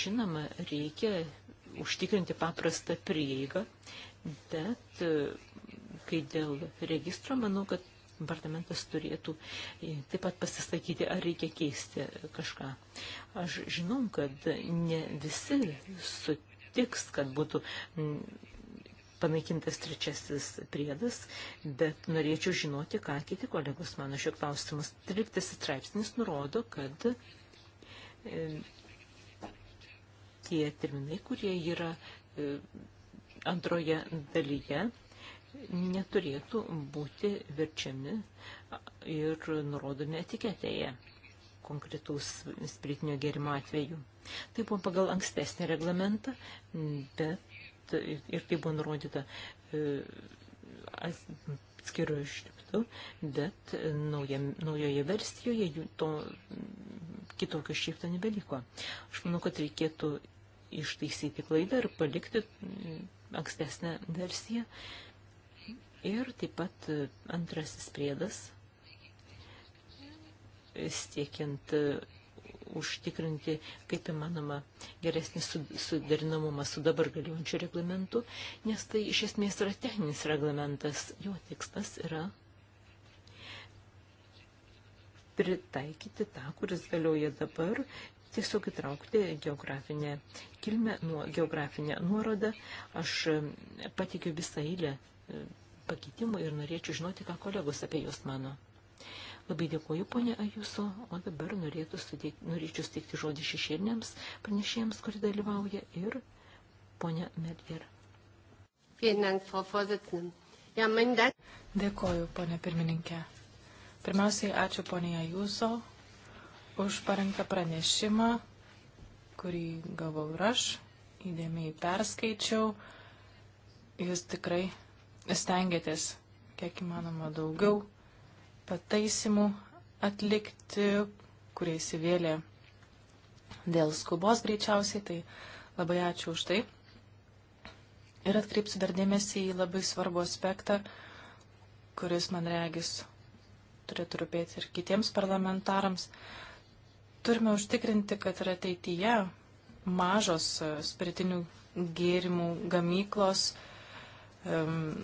žinoma, reikia užtikrinti paprastą prieigą, bet e, kai dėl registro, manau, kad departamentas turėtų e, taip pat pasisakyti, ar reikia keisti kažką. Aš žinau, kad ne visi sutiks, kad būtų panaikintas trečiasis priedas, bet norėčiau žinoti, ką kiti kolegos mano šio klausimus. 13 straipsnis nurodo, kad e, tie terminai, kurie yra e, antroje dalyje, neturėtų būti verčiami ir nurodomi etiketėje konkretaus spiritinio gėrimo atveju. Tai buvo pagal ankstesnį reglamentą, bet ir tai buvo nurodyta e, atskirų šriftų, bet nauja, naujoje versijoje jų to kitokio šrifto nebeliko. Aš manau, kad reikėtų ištaisyti klaidą ir palikti mm, ankstesnę versiją. Ir taip pat e, antrasis priedas, siekiant e, užtikrinti, kaip įmanoma, geresnį suderinamumą su dabar galiojančiu reglamentu, nes tai iš esmės yra techninis reglamentas. Jo tikslas yra pritaikyti tą, kuris galioja dabar, tiesiog įtraukti geografinę kilmę, nuo, geografinę nuorodą. Aš e, patikiu visą eilę e, pakeitimų ir norėčiau žinoti, ką kolegos apie juos mano. Labai dėkoju, ponė Ajuso, o dabar norėtų suteikti, norėčiau suteikti žodį šešėliniams pranešėjams, kurie dalyvauja, ir ponė Merger. Dėkoju, ponė pirmininkė. Pirmiausiai ačiū ponė Ajuso už parengtą pranešimą, kurį gavau ir aš, įdėmiai perskaičiau. Jūs tikrai stengiatės kiek įmanoma daugiau pataisimų atlikti, kurie įsivėlė dėl skubos greičiausiai, tai labai ačiū už tai. Ir atkreipsiu dar dėmesį į labai svarbų aspektą, kuris, man regis, turėtų rūpėti ir kitiems parlamentarams. Turime užtikrinti, kad ir ateityje mažos e, spiritinių gėrimų gamyklos, um,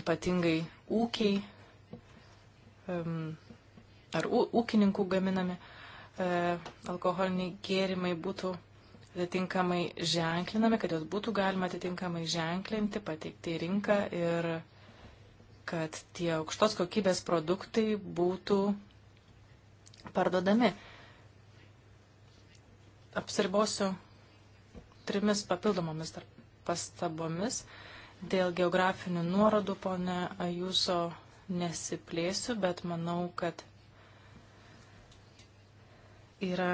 ypatingai ūkiai ar ūkininkų gaminami e, alkoholiniai gėrimai būtų atitinkamai ženklinami, kad jos būtų galima atitinkamai ženklinti, pateikti į rinką ir kad tie aukštos kokybės produktai būtų parduodami. Apsiribosiu trimis papildomomis pastabomis dėl geografinių nuorodų, ponė Ajuso nesiplėsiu, bet manau, kad yra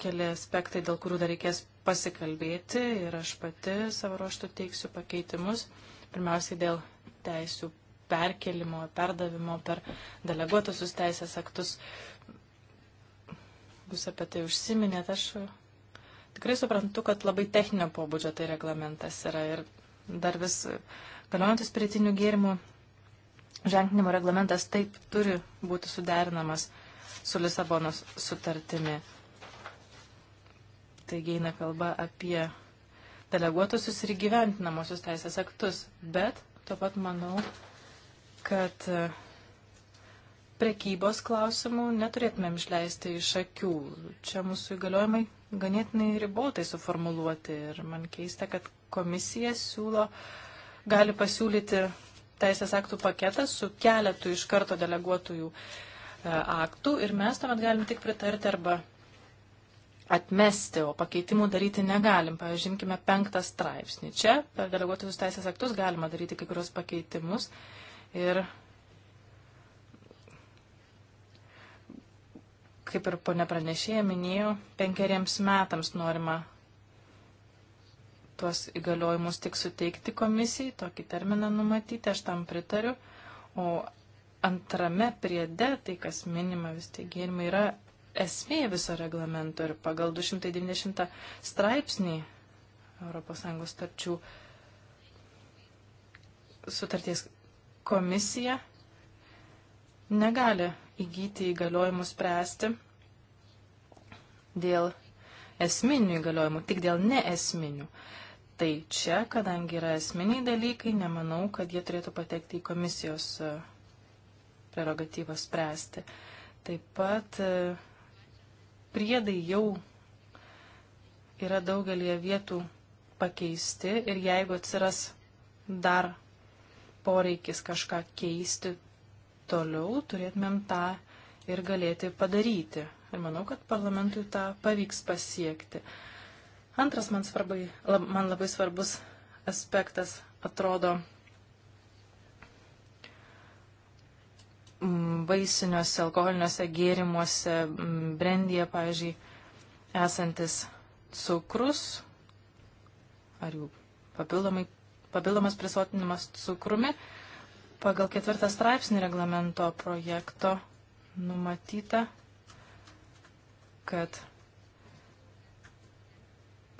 keli aspektai, dėl kurių dar reikės pasikalbėti ir aš pati savo ruoštų teiksiu pakeitimus. Pirmiausiai dėl teisų perkelimo, perdavimo per deleguotusius teisės aktus. Jūs apie tai užsiminėt, aš tikrai suprantu, kad labai techninio pobūdžio tai reglamentas yra ir dar vis galiojantis pritinių gėrimų ženklinimo reglamentas taip turi būti suderinamas su Lisabonos sutartimi. Taigi eina kalba apie deleguotusius ir gyventinamosius teisės aktus, bet tuo pat manau, kad e, prekybos klausimų neturėtumėm išleisti iš akių. Čia mūsų įgaliojimai ganėtinai ribotai suformuluoti ir man keista, kad komisija siūlo, gali pasiūlyti teisės aktų paketas su keletu iš karto deleguotųjų e, aktų ir mes tuomet galim tik pritarti arba atmesti, o pakeitimų daryti negalim. Pavyzdžiui, penktą straipsnį. Čia per deleguotus teisės aktus galima daryti kai kurios pakeitimus ir kaip ir pone pranešėja minėjo, penkeriems metams norima tuos įgaliojimus tik suteikti komisijai, tokį terminą numatyti, aš tam pritariu. O antrame priede, tai kas minima vis tiek gėrimai, yra esmė viso reglamento ir pagal 290 straipsnį ES tarčių sutarties komisija negali įgyti įgaliojimų spręsti dėl esminių įgaliojimų, tik dėl neesminių tai čia, kadangi yra esminiai dalykai, nemanau, kad jie turėtų patekti į komisijos e, prerogatyvą spręsti. Taip pat e, priedai jau yra daugelie vietų pakeisti ir jeigu atsiras dar poreikis kažką keisti toliau, turėtumėm tą ir galėti padaryti. Ir manau, kad parlamentui tą pavyks pasiekti. Uh, Antras man, svarbai, lab, man labai svarbus aspektas atrodo vaisiniuose, alkoholiniuose gėrimuose, brandyje, pavyzdžiui, esantis cukrus ar jų papildomai, papildomas prisotinimas cukrumi. Pagal ketvirtą straipsnį reglamento projekto numatyta, kad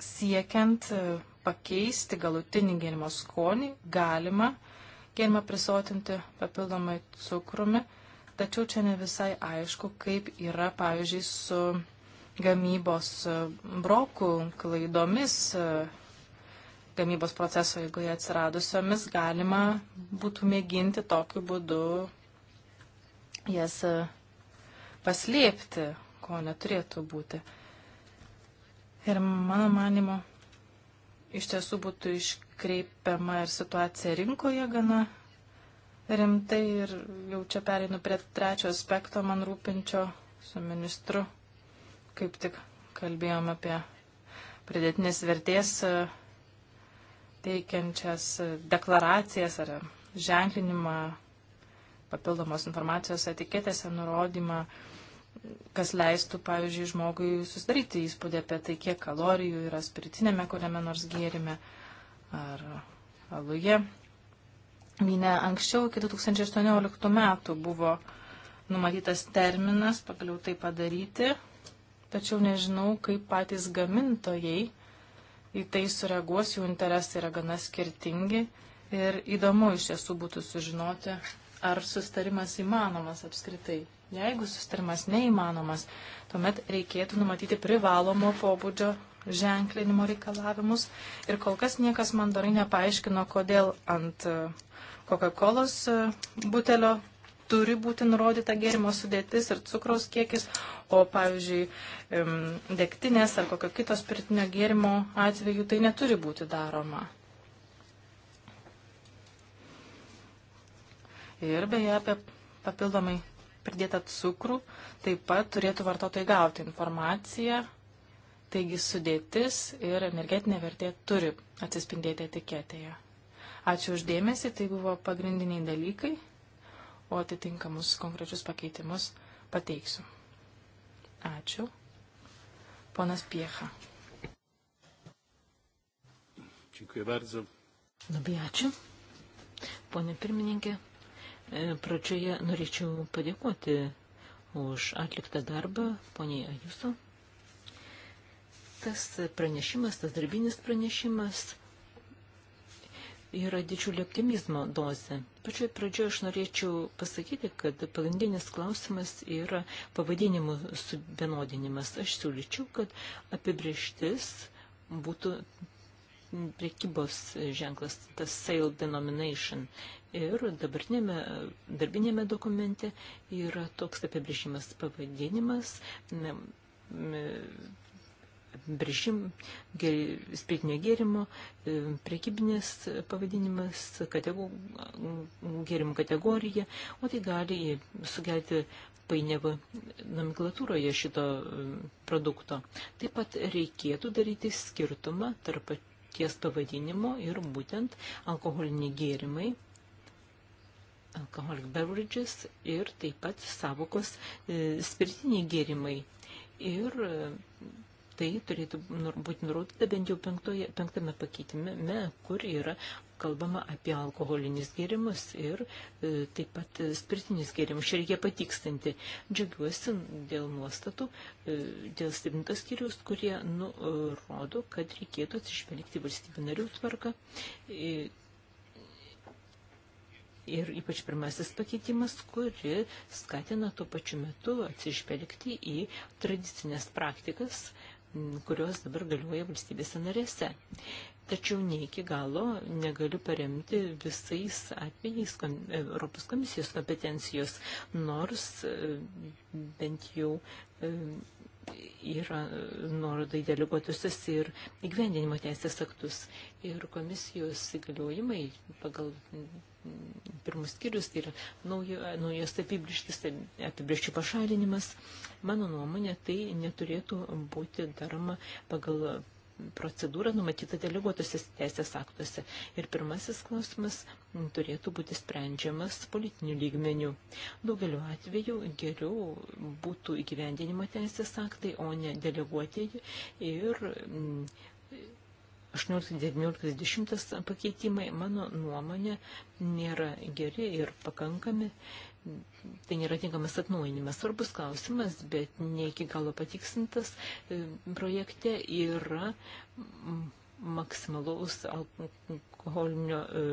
siekiant e, pakeisti galutinį gėrimo skonį, galima gėrimą prisotinti papildomai cukrumi, tačiau čia ne visai aišku, kaip yra, pavyzdžiui, su gamybos e, brokų klaidomis, e, gamybos proceso eigoje atsiradusiomis, galima būtų mėginti tokiu būdu jas paslėpti, ko neturėtų būti. Ir mano manimo, iš tiesų būtų iškreipiama ir situacija rinkoje gana rimtai ir jau čia pereinu prie trečio aspekto man rūpinčio su ministru. Kaip tik kalbėjom apie pridėtinės vertės e, teikiančias deklaracijas ar ženklinimą papildomos informacijos etiketėse nurodymą. Uh, kas leistų, pavyzdžiui, žmogui susidaryti įspūdį apie tai, kiek kalorijų yra spiritinėme kuriame nors gėrime ar aluje. Minė anksčiau, iki 2018 metų buvo numatytas terminas pagaliau tai padaryti, tačiau nežinau, kaip patys gamintojai į tai sureaguos, jų interesai yra gana skirtingi ir įdomu iš tiesų būtų sužinoti, ar sustarimas įmanomas apskritai Jeigu sustarimas neįmanomas, tuomet reikėtų numatyti privalomo pobūdžio ženklinimo reikalavimus. Ir kol kas niekas man dorai nepaaiškino, kodėl ant e, Coca-Colos e, butelio turi būti nurodyta gėrimo sudėtis ir cukraus kiekis, o pavyzdžiui, degtinės ar kokio kito spiritinio gėrimo atveju tai neturi būti daroma. Ir beje, apie papildomai pridėtą cukrų, taip pat turėtų vartotojai gauti informaciją, taigi sudėtis ir energetinė vertė turi atsispindėti etiketėje. Ačiū uždėmesi, tai buvo pagrindiniai dalykai, o atitinkamus konkrečius pakeitimus pateiksiu. Ačiū. Ponas Piecha. Dziękuję bardzo. Labai ačiū. Pone pirmininkė, E, pradžioje norėčiau padėkoti už atliktą darbą, poniai Ajuso. Tas pranešimas, tas darbinis pranešimas yra didžiulio optimizmo dozė. Pačioje pradžioje aš norėčiau pasakyti, kad pagrindinis klausimas yra pavadinimų suvienodinimas. Aš siūlyčiau, kad apibrieštis būtų prekybos ženklas, tas sale denomination. Ir dabartinėme darbinėme dokumente yra toks apibrėžimas pavadinimas, brėžim, spiritinio gėrimo, e, prekybinės pavadinimas, kategor, gėrimų kategorija, o tai gali sugelti painiavą nomenklatūroje šito e, produkto. Taip pat reikėtų daryti skirtumą tarp ties pavadinimo ir būtent alkoholiniai gėrimai, alcoholic beverages ir taip pat savokos e, spiritiniai gėrimai. Ir e, tai turėtų nu, būti nurodyta bent jau penktoje, penktame pakeitime, kur yra kalbama apie alkoholinius gėrimus ir e, taip pat spiritinius gėrimus. Čia reikia patikstanti. Džiaugiuosi dėl nuostatų, e, dėl septintos skyrius, kurie nurodo, kad reikėtų atsižvelgti valstybių narių tvarką. E, ir ypač pirmasis pakeitimas, kuri skatina tuo pačiu metu atsižvelgti į tradicinės praktikas kurios dabar galioja valstybėse narėse. Tačiau ne iki galo negaliu paremti visais atvejais kom, e, Europos komisijos kompetencijos, nors e, bent jau e, yra nuorodai deleguotusis ir įgyvendinimo teisės aktus. Ir komisijos įgaliojimai pagal pirmus skyrius tai yra naujo, naujos apibrištis, apibriščių pašalinimas. Mano nuomonė, tai neturėtų būti daroma pagal procedūra numatyta deleguotusis teisės aktuose. Ir pirmasis klausimas turėtų būti sprendžiamas politiniu lygmeniu. Daugeliu atveju geriau būtų įgyvendinimo teisės aktai, o ne deleguotieji ir 18-19-10 mm, pakeitimai, mano nuomonė, nėra geri ir pakankami tai nėra tinkamas atnaujinimas. Svarbus klausimas, bet ne iki galo patiksintas e, projekte yra maksimalaus alkoholinio e,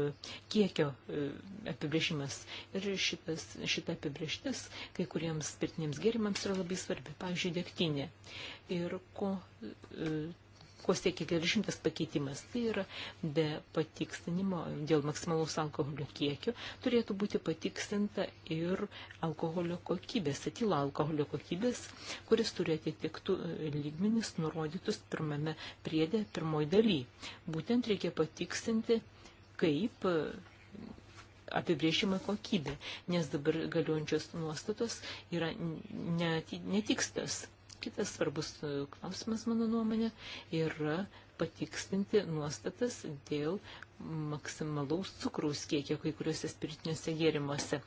kiekio e, apibrėžimas. Ir šitas, šita apibrėžtis kai kuriems spirtiniams gėrimams yra labai svarbi, pavyzdžiui, dėktinė. Ir ko ko siekia 400 pakeitimas, tai yra be patikstinimo dėl maksimalaus alkoholio kiekio turėtų būti patikstinta ir alkoholio kokybės, atila alkoholio kokybės, kuris turi atitiktų e, lygmenis nurodytus pirmame priedė pirmoji daly. Būtent reikia patikstinti, kaip e, apibrėžimą kokybę, nes dabar galiojančios nuostatos yra netikstas. Kitas svarbus e, klausimas, mano nuomonė, yra patikstinti nuostatas dėl maksimalaus cukraus kiekio kai kuriuose spiritiniuose gėrimuose.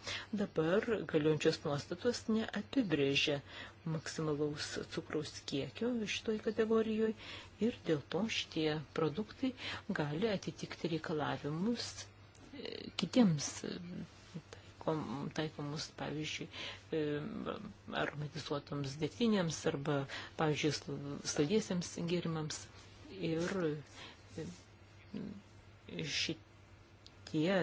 Dabar galiojančios nuostatos neapibrėžia maksimalaus cukraus kiekio šitoj kategorijoje ir dėl to šitie produktai gali atitikti reikalavimus e, kitiems taikom, taikomus, pavyzdžiui, e, aromatizuotams dėtinėms arba, pavyzdžiui, sladiesiems gėrimams. Ir e, šitie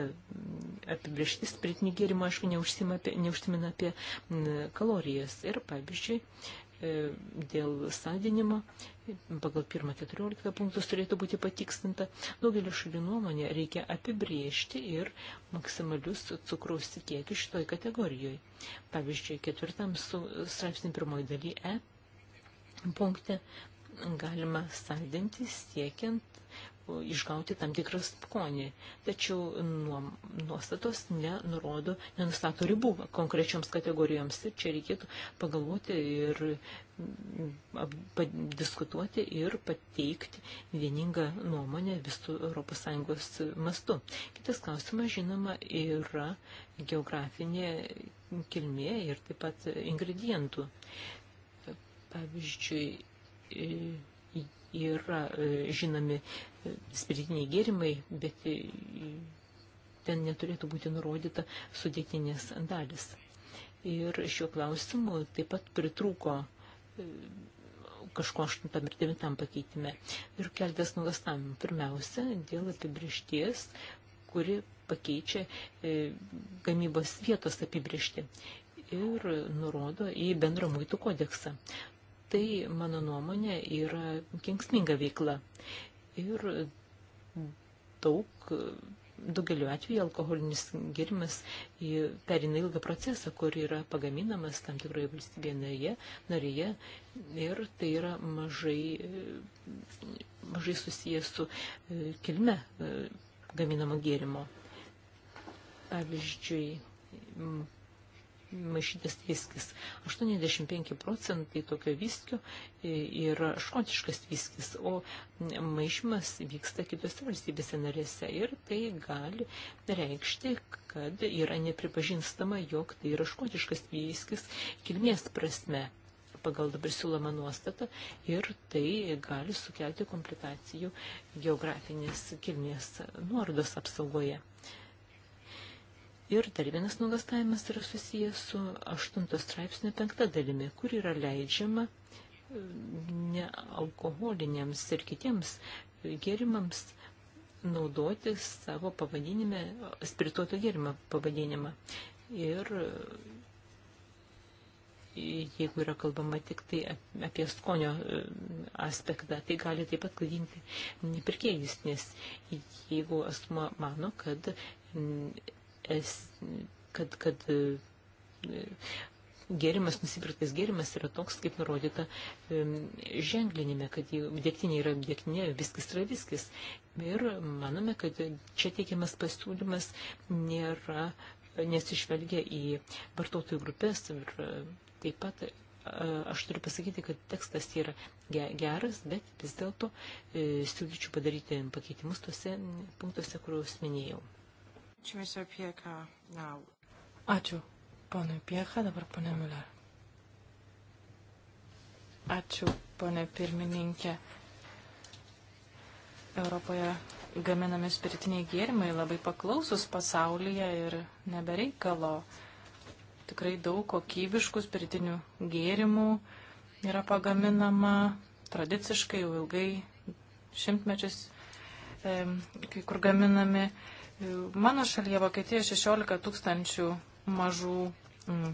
apibriešti spiritiniai gėrimai, aišku, neužsimina apie, neužsimina apie kalorijas. Ir, pavyzdžiui, E, dėl sandinimo pagal 1.14 punktus turėtų būti patikstinta. Daugelį šalių nuomonė reikia apibriežti ir maksimalius cukraus kiekius šitoj kategorijoje. Pavyzdžiui, ketvirtam su straipsnį pirmoji daly E punkte galima saldinti siekiant išgauti tam tikrą skonį. Tačiau nuostatos nenurodo, nenustato ribų konkrečioms kategorijoms. Ir čia reikėtų pagalvoti ir padiskutuoti ir pateikti vieningą nuomonę visų ES mastu. Kitas klausimas, žinoma, yra geografinė kilmė ir taip pat ingredientų. Pavyzdžiui, yra e, žinomi e, spiritiniai gėrimai, bet e, ten neturėtų būti nurodyta sudėtinės dalis. Ir šiuo klausimu taip pat pritrūko kažko 8 ir 9 pakeitime. Ir keltas nugastavimų. Pirmiausia, dėl apibriešties, kuri pakeičia gamybos vietos apibriešti ir nurodo į bendrą muitų kodeksą. Tai, mano nuomonė, yra kengsminga veikla. Ir daug, daugeliu atveju alkoholinis gėrimas perina ilgą procesą, kur yra pagaminamas tam tikroje valstybėje narėje, narėje ir tai yra mažai, mažai susijęs su e, kilme e, gaminamo gėrimo. Pavyzdžiui, maišytis viskis. 85 procentai tokio viskio e, yra škotiškas viskis, o maišymas vyksta kitose valstybėse narėse ir tai gali reikšti, kad yra nepripažinstama, jog tai yra škotiškas viskis kilmės prasme pagal dabar siūlomą nuostatą ir tai gali sukelti komplikacijų geografinės kilmės nuorodos apsaugoje. Ir dar vienas nuogastavimas yra susijęs su 8 straipsnio 5 dalimi, kur yra leidžiama e, nealkoholiniams ir kitiems gėrimams naudoti savo pavadinime, spirituoto gėrimo pavadinimą. Ir e, jeigu yra kalbama tik tai apie skonio e, aspektą, tai gali taip pat klaidinti pirkėjus, nes jeigu asmo mano, kad kad, kad e, gėrimas, nusipirktas gėrimas yra toks, kaip nurodyta e, ženklinime, kad dėktinė yra dėktinė, viskas yra viskas. Ir manome, kad čia teikiamas pasiūlymas nėra, nesižvelgia į vartotojų grupės ir e, taip pat aš turiu pasakyti, kad tekstas yra geras, bet vis dėlto siūlyčiau padaryti pakeitimus tuose punktuose, kuriuos minėjau. Ačiū, ponui Piecha, dabar ponė Miller. Ačiū, ponė pirmininkė. Europoje gaminami spiritiniai gėrimai labai paklausus pasaulyje ir nebereikalo. Tikrai daug kokybiškų spiritinių gėrimų yra pagaminama tradiciškai jau ilgai šimtmečius, e, kai kur gaminami Mano šalyje Vokietijoje 16 tūkstančių mažų mm,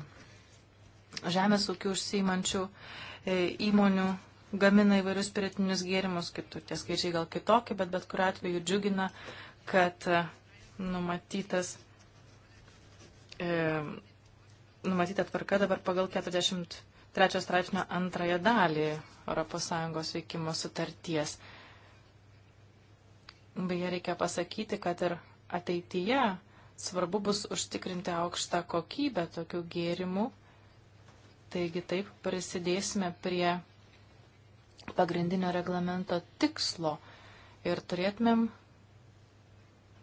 žemės ūkių užsiimančių e, įmonių gamina įvairius spiritinius gėrimus, kitur tie skaičiai gal kitokie, bet bet kuriu atveju džiugina, kad e, numatytas, e, numatyta tvarka dabar pagal 43 straipsnio antrąją dalį ES veikimo sutarties. Beje, reikia pasakyti, kad ir ateityje svarbu bus užtikrinti aukštą kokybę tokių gėrimų. Taigi taip prisidėsime prie pagrindinio reglamento tikslo ir turėtumėm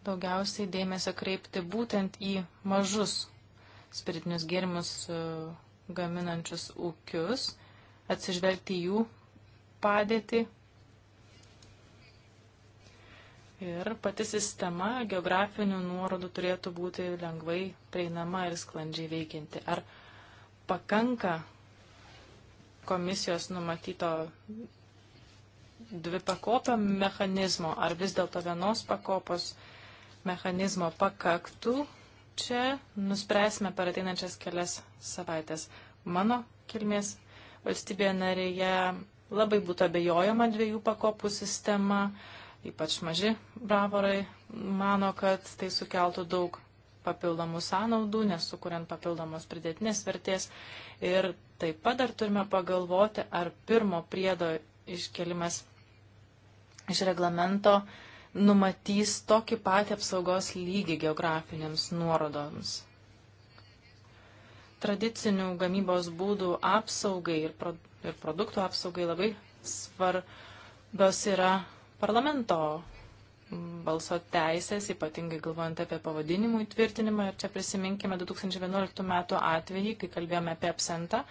daugiausiai dėmesio kreipti būtent į mažus spiritinius gėrimus e, gaminančius ūkius, atsižvelgti jų padėtį Ir pati sistema geografinių nuorodų turėtų būti lengvai prieinama ir sklandžiai veikianti. Ar pakanka komisijos numatyto dvi pakopio mechanizmo, ar vis dėlto vienos pakopos mechanizmo pakaktų, čia nuspręsime per ateinančias kelias savaitės. Mano kilmės valstybėje narėje labai būtų abejojama dviejų pakopų sistema, ypač maži bravorai, mano, kad tai sukeltų daug papildomų sąnaudų, nesukuriant papildomos pridėtinės vertės. Ir taip pat dar turime pagalvoti, ar pirmo priedo iškelimas iš reglamento numatys tokį patį apsaugos lygį geografinėms nuorodoms. Tradicinių gamybos būdų apsaugai ir, pro, ir produktų apsaugai labai svarbios yra parlamento balso teisės, ypatingai galvojant apie pavadinimų įtvirtinimą. Ir čia prisiminkime 2011 metų atvejį, kai kalbėjome apie absentą.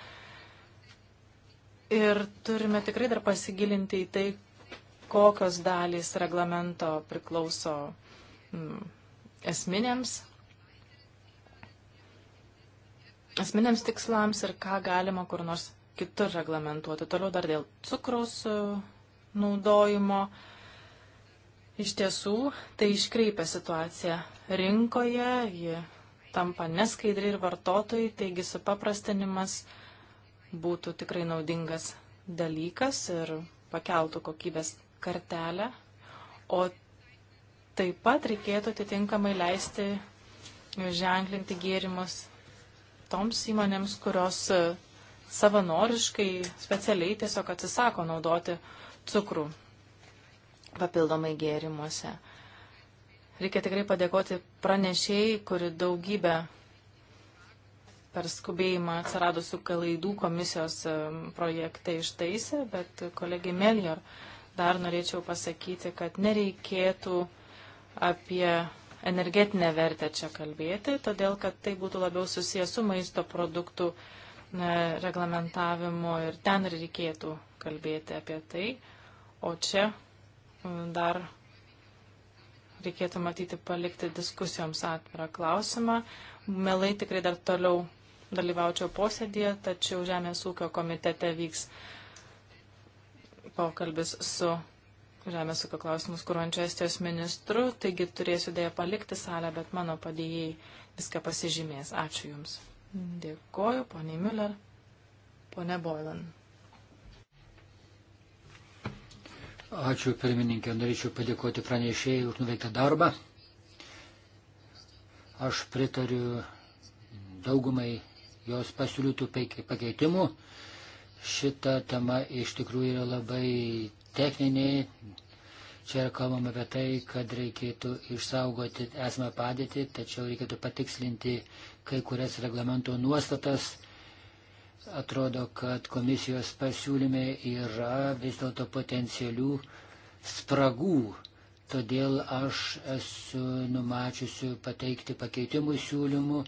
Ir turime tikrai dar pasigilinti į tai, kokios dalys reglamento priklauso mm, esminėms, esminėms tikslams ir ką galima kur nors kitur reglamentuoti. Toliau dar dėl cukraus e, naudojimo. Uh, Iš tiesų, tai iškreipia situaciją rinkoje, ji tampa neskaidri ir vartotojai, taigi supaprastinimas būtų tikrai naudingas dalykas ir pakeltų kokybės kartelę, o taip pat reikėtų atitinkamai leisti ženklinti gėrimus toms įmonėms, kurios e, savanoriškai, specialiai tiesiog atsisako naudoti cukrų papildomai gėrimuose. Reikia tikrai padėkoti pranešėjai, kuri daugybę per skubėjimą atsiradusių klaidų komisijos e, projekte ištaisė, bet kolegai Melior dar norėčiau pasakyti, kad nereikėtų apie energetinę vertę čia kalbėti, todėl kad tai būtų labiau susijęs su maisto produktų e, reglamentavimu ir ten reikėtų kalbėti apie tai, o čia dar reikėtų matyti palikti diskusijoms atvirą klausimą. Melai tikrai dar toliau dalyvaučiau posėdėje, tačiau Žemės ūkio komitete vyks pokalbis su Žemės ūkio klausimus kūruojančio Estijos ministru, taigi turėsiu dėja palikti salę, bet mano padėjėjai viską pasižymės. Ačiū Jums. Dėkoju, poniai Miller, ponė Boylan. Ačiū pirmininkė, norėčiau padėkoti pranešėjai už nuveiktą darbą. Aš pritariu daugumai jos pasiūlytų pakeitimų. Šita tema iš tikrųjų yra labai techninė. Čia yra kalbama apie tai, kad reikėtų išsaugoti esamą padėtį, tačiau reikėtų patikslinti kai kurias reglamento nuostatas Atrodo, kad komisijos pasiūlyme yra vis dėlto potencialių spragų. Todėl aš esu numačiusi pateikti pakeitimų siūlymų,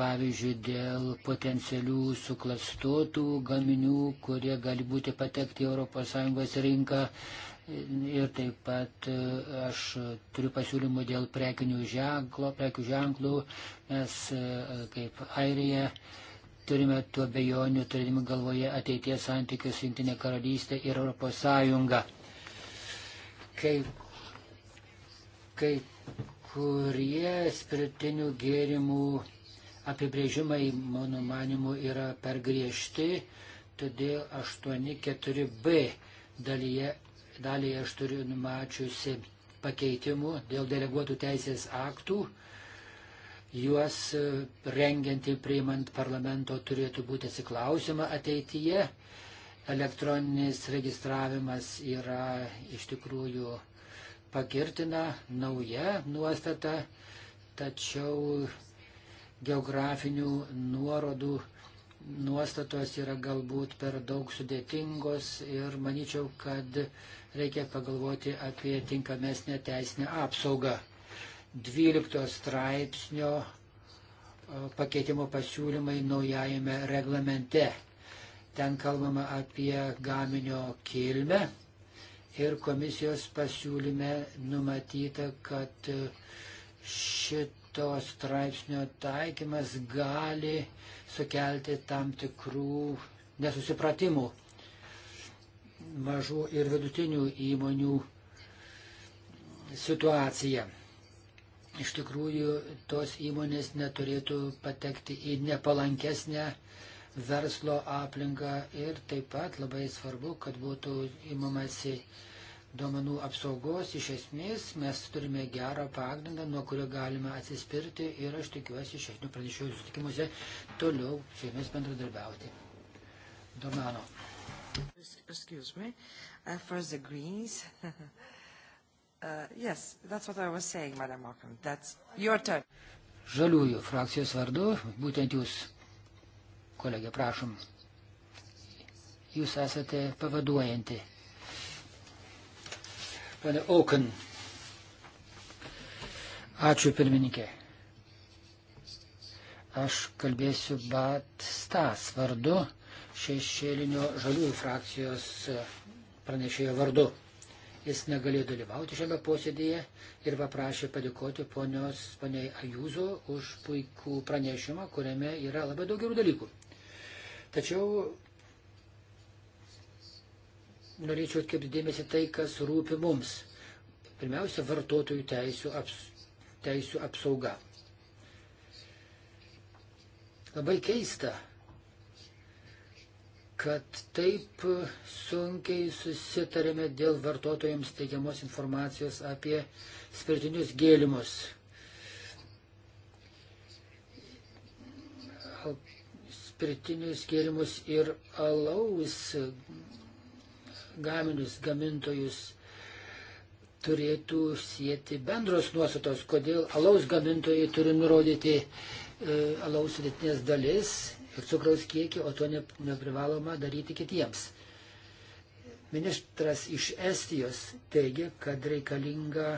pavyzdžiui, dėl potencialių suklastotų gaminių, kurie gali būti patekti ES rinką. Ir taip pat e, aš turiu pasiūlymų dėl prekinių ženklo, prekių ženklų, nes e, kaip Airija turime tų bejonių, turėdami galvoje ateities santykius Junktinė karalystė ir Europos Sąjunga. Kai, kai kurie spiritinių gėrimų apibrėžimai, mano manimu, yra per griežti, todėl 8.4b dalyje, dalyje aš turiu numačiusi pakeitimų dėl deleguotų teisės aktų juos e, rengiant ir priimant parlamento turėtų būti atsiklausima ateityje. Elektroninis registravimas yra iš tikrųjų pagirtina nauja nuostata, tačiau geografinių nuorodų nuostatos yra galbūt per daug sudėtingos ir manyčiau, kad reikia pagalvoti apie tinkamesnę teisinę apsaugą. 12 straipsnio e, pakeitimo pasiūlymai naujajame reglamente. Ten kalbama apie gaminio kilmę ir komisijos pasiūlyme numatyta, kad e, šito straipsnio taikymas gali sukelti tam tikrų nesusipratimų mažų ir vidutinių įmonių situaciją iš tikrųjų tos įmonės neturėtų patekti į nepalankesnę verslo aplinką ir taip pat labai svarbu, kad būtų įmamasi duomenų apsaugos. Iš esmės mes turime gerą pagrindą, nuo kurio galime atsispirti ir aš tikiuosi šiandien pranešėjų susitikimuose toliau su jumis bendradarbiauti. Domano. Excuse me. Uh, for the Greens. Uh, yes, that's what I was saying, Madam Markham. That's your turn. Žaliųjų frakcijos vardu, būtent jūs, kolegė, prašom. Jūs esate pavaduojanti. Pane Auken. Ačiū pirmininkė. Aš kalbėsiu Bat Stas vardu, šešėlinio žaliųjų frakcijos pranešėjo vardu jis negalėjo dalyvauti šiame posėdėje ir paprašė padėkoti ponios, poniai Ajūzo už puikų pranešimą, kuriame yra labai daug gerų dalykų. Tačiau norėčiau atkreipti dėmesį tai, kas rūpi mums. Pirmiausia, vartotojų teisų, aps, teisų apsauga. Labai keista, kad taip sunkiai susitarėme dėl vartotojams teikiamos informacijos apie spiritinius gėlimus. Spiritinius gėlimus ir alaus gaminius gamintojus turėtų sieti bendros nuostatos, kodėl alaus gamintojai turi nurodyti e, alaus sudėtinės dalis cukraus kiekį, o to ne, neprivaloma daryti kitiems. Ministras iš Estijos teigia, kad reikalinga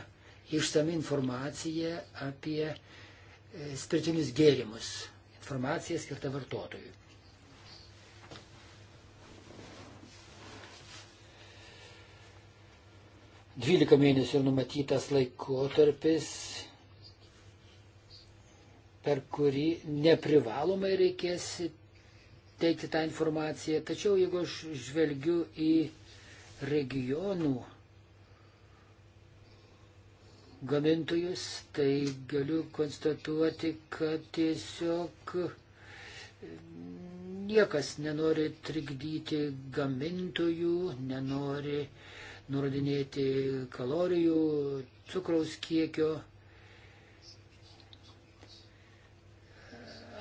išsami informacija apie e, spiritinius gėrimus. Informacija skirta vartotojui. Dvylika mėnesių numatytas laikotarpis per kurį neprivalomai reikės teikti tą informaciją. Tačiau jeigu aš žvelgiu į regionų gamintojus, tai galiu konstatuoti, kad tiesiog niekas nenori trikdyti gamintojų, nenori nurodinėti kalorijų, cukraus kiekio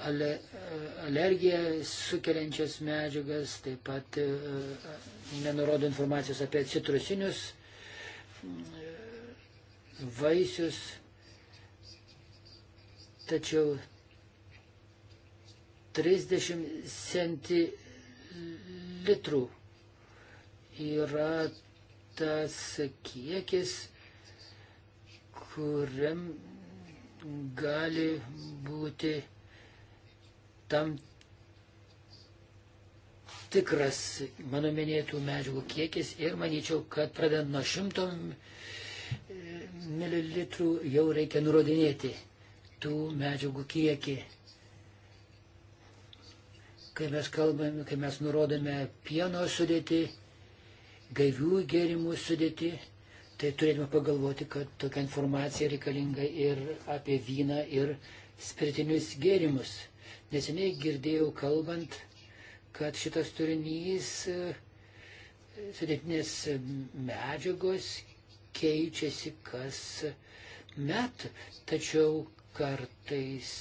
alergiją sukeliančias medžiagas, taip pat e, nenurodo informacijos apie citrusinius e, vaisius. Tačiau 30 centilitrų yra tas kiekis, kuriam gali būti tam tikras mano minėtų medžiagų kiekis ir manyčiau, kad pradedant nuo šimto e, mililitrų jau reikia nurodinėti tų medžiagų kiekį. Kai mes kalbame, kai mes nurodome pieno sudėti, gaivių gėrimų sudėti, tai turėtume pagalvoti, kad tokia informacija reikalinga ir apie vyną ir spiritinius gėrimus. Neseniai girdėjau kalbant, kad šitas turinys e, sudėtinės medžiagos keičiasi kas met, tačiau kartais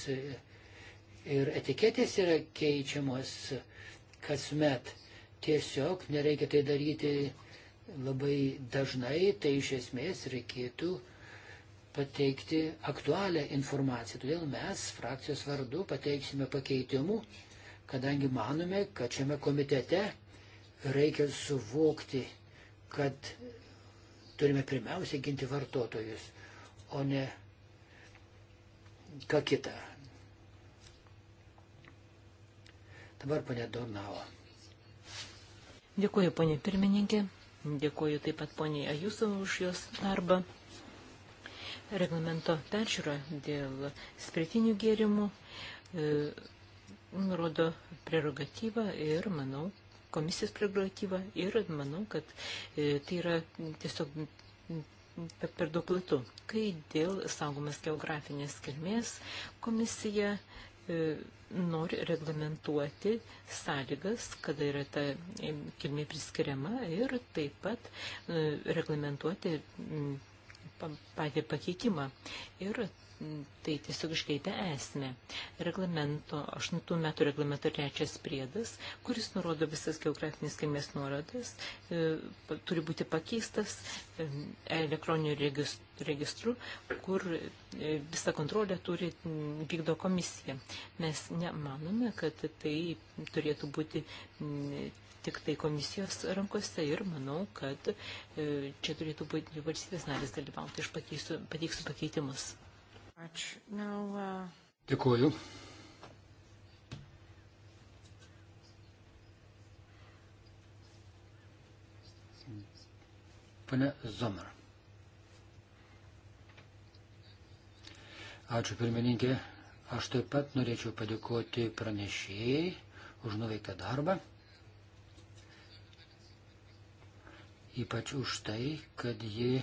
ir etiketės yra keičiamos kasmet. Tiesiog nereikia tai daryti labai dažnai, tai iš esmės reikėtų uh, pateikti aktualią informaciją. Todėl mes frakcijos vardu pateiksime pakeitimų, kadangi manome, kad šiame komitete reikia suvokti, kad turime pirmiausia ginti vartotojus, o ne ką kitą. Dabar ponė Dornavo. Dėkuoju, ponė pirmininkė. Dėkuoju taip pat poniai Ajuso už jos darbą reglamento peržiūra dėl spritinių gėrimų e, nurodo prerogatyvą ir, manau, komisijos prerogatyvą ir, manau, kad e, tai yra tiesiog per, per daug platu. Kai dėl saugomas geografinės kilmės komisija e, nori reglamentuoti sąlygas, kada yra ta e, kilmė priskiriama ir taip pat e, reglamentuoti patį pakeitimą. Ir tai tiesiog iškeitė esmę. Reglamento, 8 metų reglamento trečias priedas, kuris nurodo visas geografinės kaimės nuorodas, e, turi būti pakeistas e, elektroniniu registru, kur e, visą kontrolę turi vykdo komisija. Mes nemanome, kad tai turėtų būti tik tai komisijos rankose ir manau, kad e, čia turėtų būti valstybės narės dalyvauti. Aš pakeisiu, pateiksiu pakeitimus. Ačiū. Now, uh... Dėkuoju. Pane Zomer. Ačiū pirmininkė. Aš taip pat norėčiau padėkoti pranešėjai už nuveiktą darbą. ypač už tai, kad ji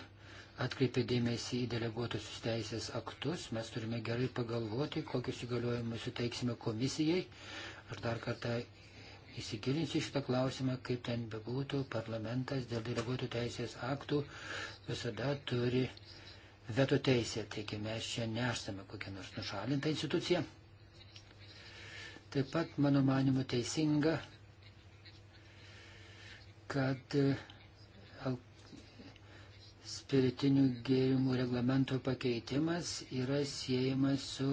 atkreipė dėmesį į deleguotusius teisės aktus. Mes turime gerai pagalvoti, kokius įgaliojimus suteiksime komisijai. Aš dar kartą įsigilinsiu šitą klausimą, kaip ten bebūtų, parlamentas dėl deleguotų teisės aktų visada turi veto teisę. Taigi mes čia nesame kokia nors nušalinta institucija. Taip pat, mano manimu, teisinga, kad spiritinių gėrimų reglamento pakeitimas yra siejamas su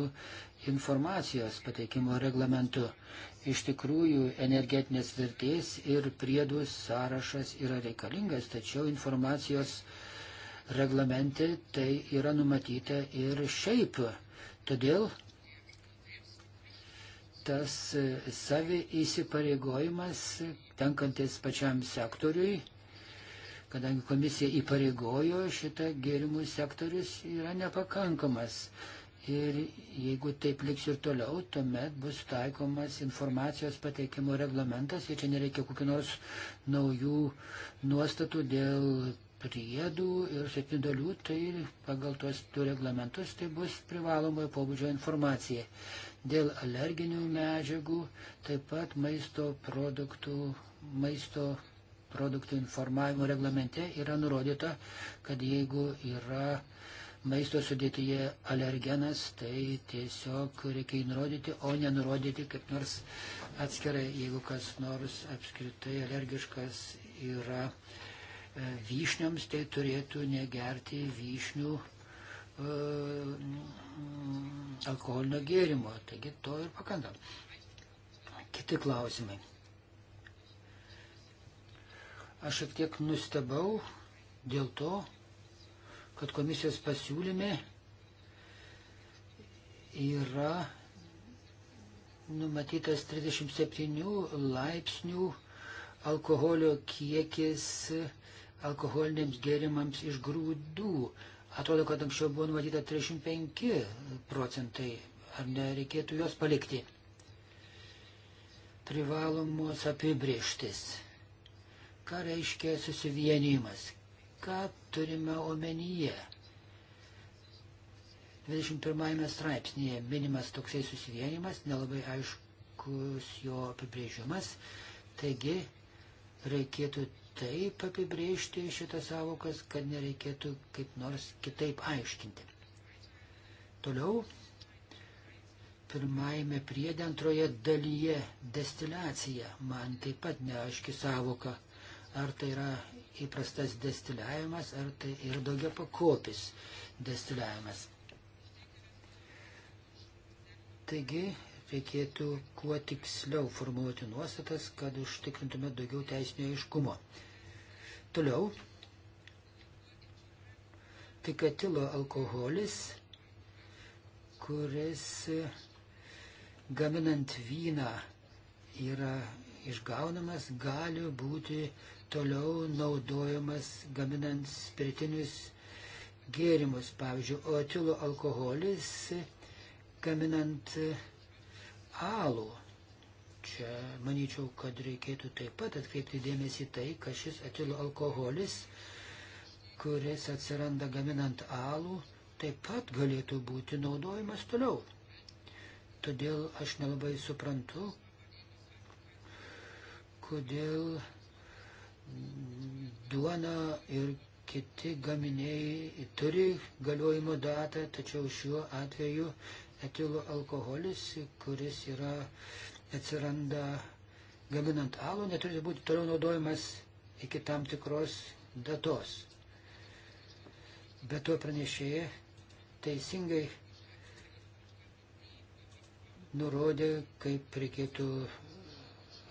informacijos pateikimo reglamentu. Iš tikrųjų, energetinės vertės ir priedų sąrašas yra reikalingas, tačiau informacijos reglamente tai yra numatyta ir šiaip. Todėl tas savi įsipareigojimas tenkantis pačiam sektoriui kadangi komisija įpareigojo, šitą gėrimų sektorius yra nepakankamas. Ir jeigu taip liks ir toliau, tuomet bus taikomas informacijos pateikimo reglamentas ir čia nereikia kokių nors naujų nuostatų dėl priedų ir septindalių, tai pagal tuos du reglamentus tai bus privalomojo pobūdžio informacija. Dėl alerginių medžiagų, taip pat maisto produktų, maisto produktų informavimo reglamente yra nurodyta, kad jeigu yra maisto sudėtyje alergenas, tai tiesiog reikia jį nurodyti, o nenurodyti kaip nors atskirai, jeigu kas nors apskritai alergiškas yra e, vyšniams, tai turėtų negerti vyšnių e, alkoholinio gėrimo. Taigi to ir pakanka. Kiti klausimai. Aš šiek tiek nustebau dėl to, kad komisijos pasiūlyme yra numatytas 37 laipsnių alkoholio kiekis alkoholiniams gėrimams iš grūdų. Atrodo, kad anksčiau buvo numatyta 35 procentai. Ar nereikėtų juos palikti? Privalomos apibrieštis. Ką reiškia susivienimas? Ką turime omenyje? 21 straipsnėje minimas toksai susivienimas, nelabai aiškus jo apibrėžimas. Taigi reikėtų taip apibrėžti šitą savokas, kad nereikėtų kaip nors kitaip aiškinti. Toliau, pirmajame priedė antroje dalyje destilacija, man taip pat neaiški savoka ar tai yra įprastas destiliavimas, ar tai yra daugia pakopis destiliavimas. Taigi reikėtų kuo tiksliau formuoti nuostatas, kad užtikrintume daugiau teisinio aiškumo. Toliau, pikatilo alkoholis, kuris gaminant vyną yra išgaunamas, gali būti uh, toliau naudojamas gaminant spiritinius gėrimus, pavyzdžiui, otilo alkoholis gaminant alų. Čia manyčiau, kad reikėtų taip pat atkreipti dėmesį tai, kad šis atilo alkoholis, kuris atsiranda gaminant alų, taip pat galėtų būti naudojamas toliau. Todėl aš nelabai suprantu, kodėl duona ir kiti gaminiai turi galiojimo datą, tačiau šiuo atveju etilo alkoholis, kuris yra, atsiranda gaminant alų, neturi būti toliau naudojamas iki tam tikros datos. Bet to pranešėja teisingai nurodė, kaip reikėtų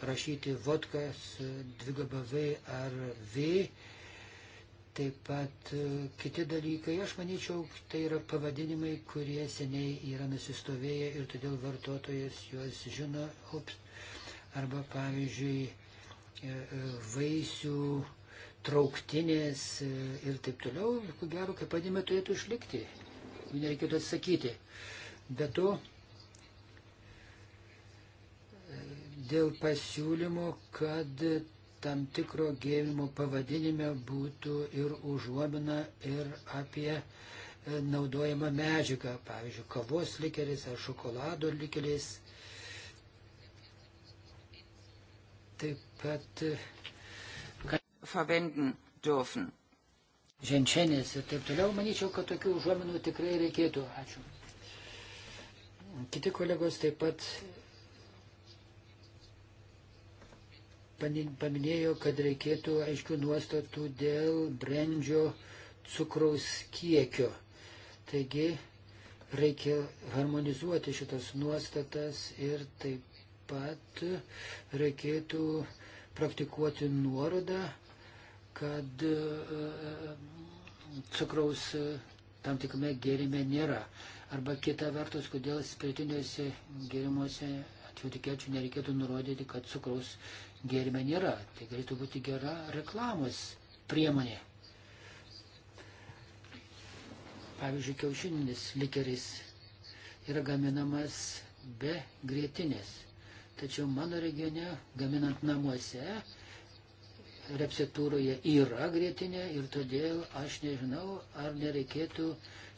rašyti vodkas, dvigabavai ar V. Taip pat e, kiti dalykai, aš manyčiau, tai yra pavadinimai, kurie seniai yra nusistovėję ir todėl vartotojas juos žino. Ups. Arba pavyzdžiui, e, e, vaisių trauktinės ir taip toliau, ko gero, kaip padėmė turėtų išlikti. Jų nereikėtų atsakyti. Be to, dėl pasiūlymo, kad tam tikro gėrimo pavadinime būtų ir užuomina ir apie e, naudojama medžiaga, pavyzdžiui, kavos likeris ar šokolado likeris. Taip pat. E, Verwenden dürfen. Ženčenės ir taip toliau, manyčiau, kad tokių užuominų tikrai reikėtų. Ačiū. Kiti kolegos taip pat paminėjo, kad reikėtų aiškių nuostatų dėl brendžio cukraus kiekio. Taigi reikia harmonizuoti šitas nuostatas ir taip pat reikėtų praktikuoti nuorodą, kad e, e, cukraus e, tam tikrame gėrime nėra. Arba kita vertus, kodėl spiritiniuose gėrimuose atveju tikėčių nereikėtų nurodyti, kad cukraus gėrime nėra. Tai galėtų būti gera reklamos priemonė. Pavyzdžiui, kiaušininis likeris yra gaminamas be grėtinės. Tačiau mano regione, gaminant namuose, receptūroje yra grėtinė ir todėl aš nežinau, ar nereikėtų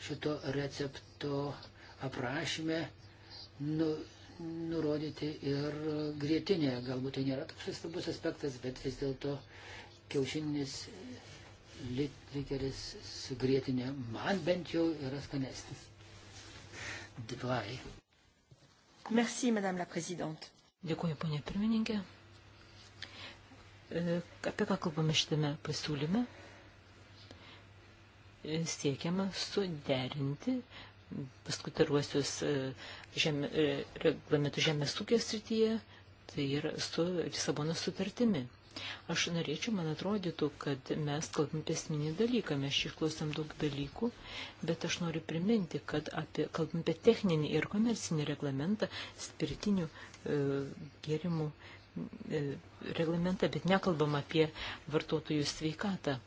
šito recepto aprašymę nu, nurodyti ir grietinę. Galbūt tai nėra toks svarbus aspektas, bet vis dėlto kiaušinis likeris su grietinė man bent jau yra skanesnis. Dvai. Merci, Madame la Présidente. Dėkuoju, ponė pirmininkė. E, apie ką kalbame šitame pasiūlyme? E, siekiama suderinti paskutaruosius e, žemė, e, reglamentų žemės ūkio srityje, tai yra su Lisabono sutartimi. Aš norėčiau, man atrodytų, kad mes kalbam apie esminį dalyką, mes išklausom daug dalykų, bet aš noriu priminti, kad apie, kalbam apie techninį ir komercinį reglamentą, spiritinių e, gėrimų e, reglamentą, bet nekalbam apie vartotojų sveikatą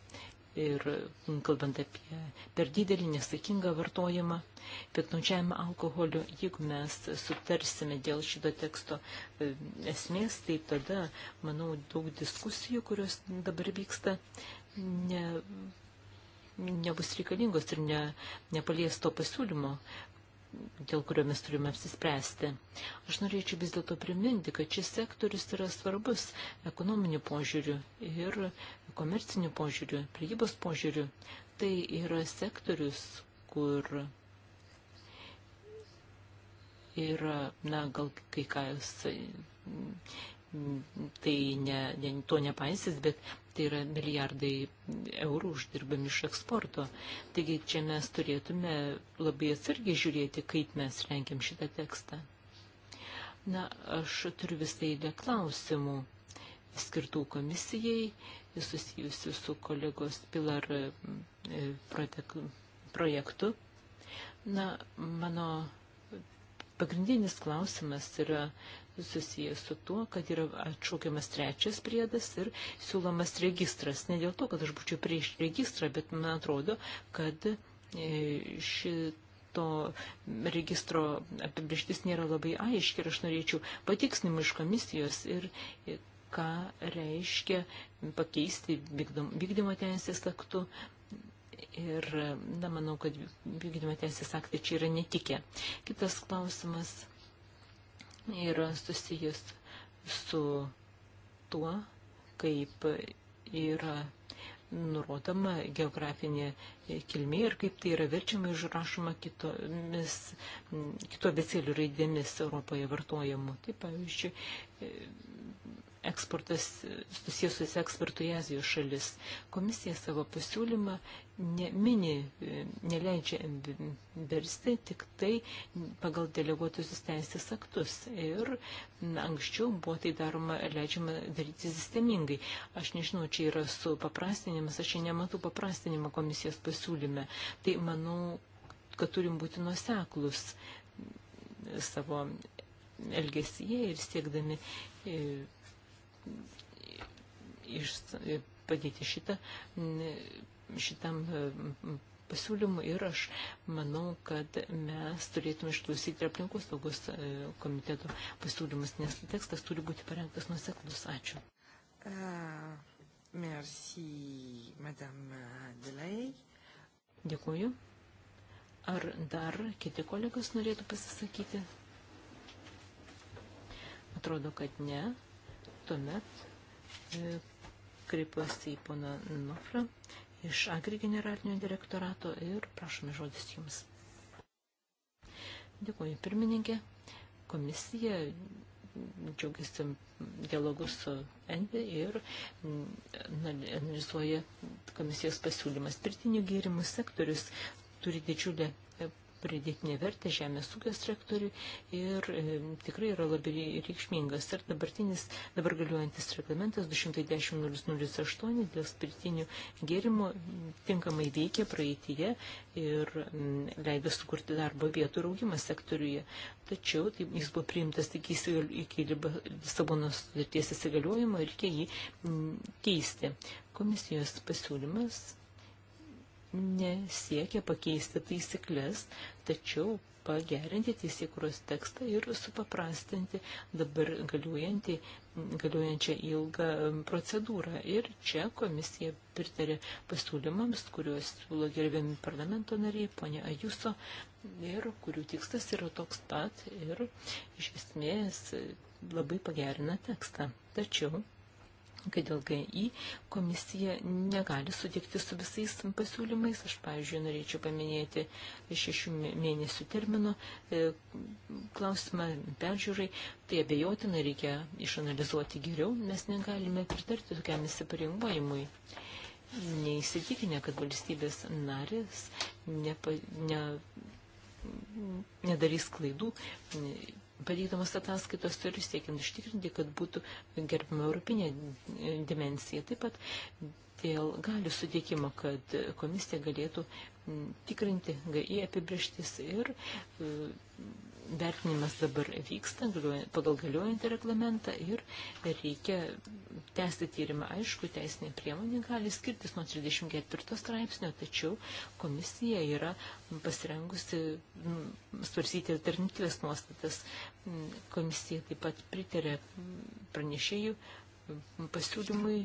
ir mm, kalbant apie per didelį nesakingą vartojimą, pietnaudžiavimą alkoholiu, jeigu mes sutarsime dėl šito teksto e, esmės, tai tada, manau, daug diskusijų, kurios dabar vyksta, ne, nebus reikalingos ir ne, nepalies to pasiūlymo, dėl kuriomis turime apsispręsti. Aš norėčiau vis dėlto priminti, kad šis sektorius yra svarbus ekonominiu požiūriu ir komerciniu požiūriu, priebos požiūriu. Tai yra sektorius, kur yra, na, gal kai kas tai ne, ne, to nepaisys, bet tai yra milijardai eurų uždirbami iš eksporto. Taigi čia mes turėtume labai atsargiai žiūrėti, kaip mes renkiam šitą tekstą. Na, aš turiu visą eilę klausimų skirtų komisijai, susijusių su kolegos Pilar e, projektu. Na, mano pagrindinis klausimas yra susijęs su tuo, kad yra atšaukiamas trečias priedas ir siūlomas registras. Ne dėl to, kad aš būčiau prieš registrą, bet man atrodo, kad e, šito registro apibrieštis nėra labai aiški ir aš norėčiau patiksnimų iš komisijos ir e, ką reiškia pakeisti vykdymo teisės aktu ir, na, manau, kad vykdymo teisės aktai čia yra netikė. Kitas klausimas yra susijęs su tuo, kaip yra nurodoma geografinė kilmė ir kaip tai yra verčiama išrašoma kitomis, kito becelių raidėmis Europoje vartojamu. Tai pavyzdžiui, eksportas susijęs su eksportu į Azijos šalis. Komisija savo pasiūlymą nemini, e, neleidžia versti tik tai pagal deleguotusius teisės aktus. Ir na, anksčiau buvo tai daroma, leidžiama daryti sistemingai. Aš nežinau, čia yra su paprastinimas, aš čia nematau paprastinimą komisijos pasiūlyme. Tai manau, kad turim būti nuseklus savo elgesyje ir siekdami e, e, iš, padėti šitą šitam e, pasiūlymų ir aš manau, kad mes turėtume išklausyti aplinkos saugos e, komiteto pasiūlymus, nes tekstas turi būti parengtas nuseklus. Ačiū. Uh, merci, madame Delay. Dėkuoju. Ar dar kiti kolegos norėtų pasisakyti? Atrodo, kad ne. Tuomet kreipiuosi į poną Nofrą iš Agri generalinio direktorato ir prašome žodis jums. Dėkuoju pirmininkė. Komisija džiaugiasi dialogus su Envi ir mm, analizuoja komisijos pasiūlymas. Pirtinių gėrimų sektorius turi didžiulę pridėtinę vertę žemės ūkio sektoriui ir e, tikrai yra labai reikšmingas. Ir dabartinis, dabar galiuojantis reglamentas 210.008 dėl spiritinių gėrimų tinkamai veikia praeitie ir m, leido sukurti darbo vietų ir augimą sektoriuje. Tačiau tai, jis buvo priimtas tik iki Lisabonos sutarties įsigaliojimo ir reikia jį m, keisti. Komisijos pasiūlymas nesiekia pakeisti taisyklės, tačiau pagerinti teisėkuros tekstą ir supaprastinti dabar galiuojantį, galiuojančią ilgą procedūrą. Ir čia komisija pritarė pasiūlymams, kuriuos siūlo gerbiami parlamento nariai, ponia Ajuso, ir kurių tikslas yra toks pat ir iš esmės labai pagerina tekstą. Tačiau kad dėl GI komisija negali sutikti su visais pasiūlymais. Aš, pavyzdžiui, norėčiau paminėti šešių mėnesių termino e, klausimą peržiūrai. Tai abejotinai reikia išanalizuoti geriau. Mes negalime pritarti tokiam įsipareigojimui. Neįsitikinę, kad valstybės narės nepa, ne, nedarys klaidų pateikdamas ataskaitos turi siekiant užtikrinti, kad būtų gerbima europinė dimensija. Taip pat dėl galių suteikimo, kad komisija galėtų tikrinti GI apibrieštis ir vertinimas dabar vyksta pagal galiojantį reglamentą ir reikia tęsti tyrimą. Aišku, teisinė priemonė gali skirtis nuo 34 straipsnio, tačiau komisija yra pasirengusi svarsyti alternatyvės nuostatas. Komisija taip pat pritarė pranešėjų pasiūlymui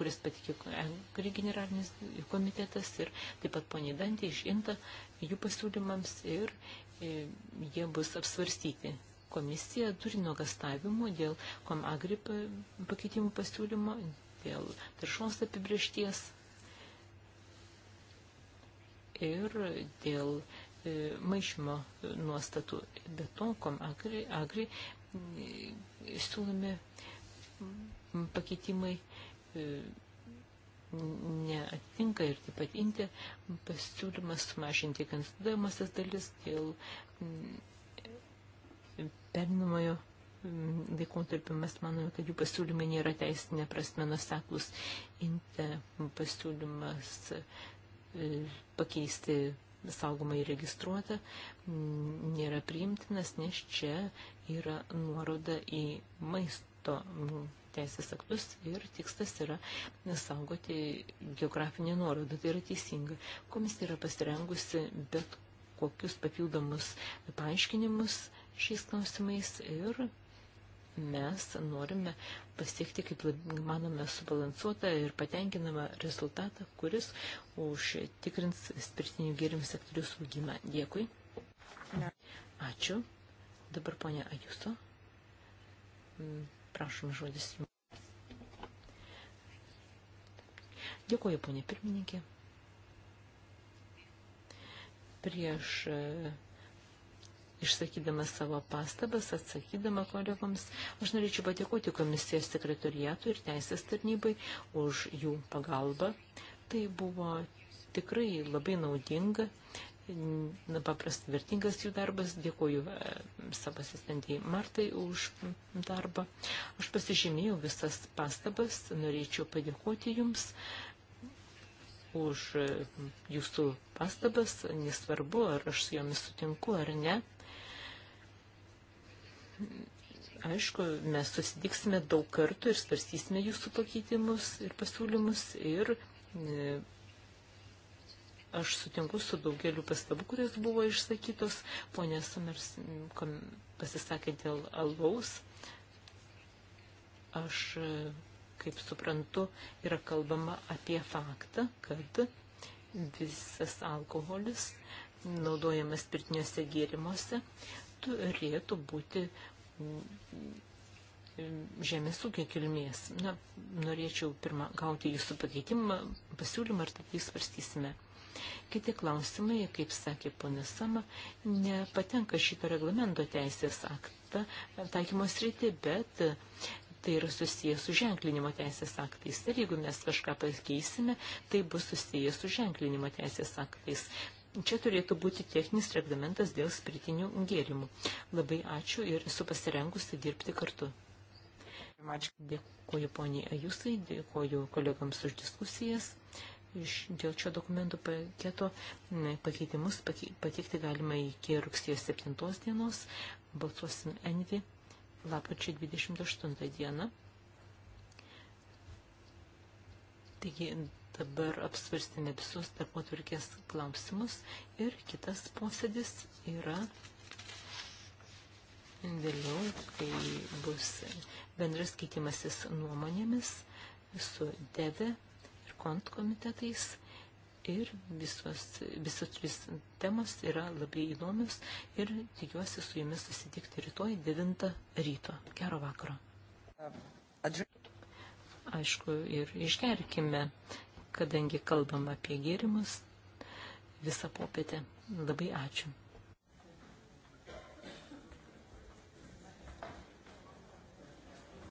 kuris patikė generalinės komitetas ir taip pat poniai Dantė iš Inta jų pasiūlymams ir e, jie bus apsvarstyti. Komisija turi nuogastavimų dėl komagri pakeitimų pasiūlymo, dėl taršos apibriešties ir dėl e, maišymo nuostatų. Be to, komagri agri, siūlomi pakeitimai e, neatinka ir taip pat intė pasiūlymas sumažinti konstatuojamasis dalis dėl mm, perinamojo mm, laikotarpiu mes manome, kad jų pasiūlymai nėra teisinė prasme nuseklus. Inte pasiūlymas e, pakeisti saugomą įregistruotą mm, nėra priimtinas, nes čia yra nuoroda į maisto teisės aktus ir tikslas yra saugoti geografinį nuorodą. Tai yra teisinga. Komisija yra pasirengusi bet kokius papildomus paaiškinimus šiais klausimais ir mes norime pasiekti, kaip manome, subalansuotą ir patenkinamą rezultatą, kuris užtikrins spirtinių gėrimų sektorių saugimą. Dėkui. Ačiū. Dabar ponia Ajuso. Mm. Prašom žodis jums. Dėkuoju, ponė pirmininkė. Prieš e, išsakydama savo pastabas, atsakydama kolegoms, aš norėčiau padėkoti komisijos sekretoriatų ir teisės tarnybai už jų pagalbą. Tai buvo tikrai labai naudinga paprastai vertingas jų darbas. Dėkuoju e, savo asistentiai Martai už darbą. Aš pasižymėjau visas pastabas, norėčiau padėkoti jums už e, jūsų pastabas, nesvarbu, ar aš su jomis sutinku ar ne. Aišku, mes susitiksime daug kartų ir svarstysime jūsų pakeitimus ir pasiūlymus ir e, Aš sutinku su daugeliu pastabų, kurios buvo išsakytos. Pone Sumers mm, pasisakė dėl alaus. Aš, e, kaip suprantu, yra kalbama apie faktą, kad visas alkoholis naudojamas pirtiniuose gėrimuose turėtų būti mm, mm, žemės ūkio kilmės. Na, norėčiau pirmą gauti jūsų pakeitimą, pasiūlymą ir tada jį svarstysime. Kiti klausimai, kaip sakė ponas Sama, nepatenka šito reglamento teisės aktą taikymo sritį, bet tai yra susijęs su ženklinimo teisės aktais. Ir jeigu mes kažką pakeisime, tai bus susijęs su ženklinimo teisės aktais. Čia turėtų būti techninis reglamentas dėl spiritinių gėrimų. Labai ačiū ir esu pasirengusi dirbti kartu. Dėkuoju poniai Ajusai, dėkuoju kolegams už diskusijas dėl šio dokumentų paketo pakeitimus pateikti galima iki rugsėjo 7 dienos, balsuosim Envi lapkričio 28 dieną. Taigi dabar apsvarstėme visus darbotvarkės klausimus ir kitas posėdis yra vėliau, kai bus bendras keitimasis nuomonėmis su Deve kont komitetais ir visos, visos trys temos yra labai įdomios ir tikiuosi su jumis susitikti rytoj 9 ryto. Gero vakaro. Aišku, ir išgerkime, kadangi kalbam apie gėrimus visą popietę. Labai ačiū.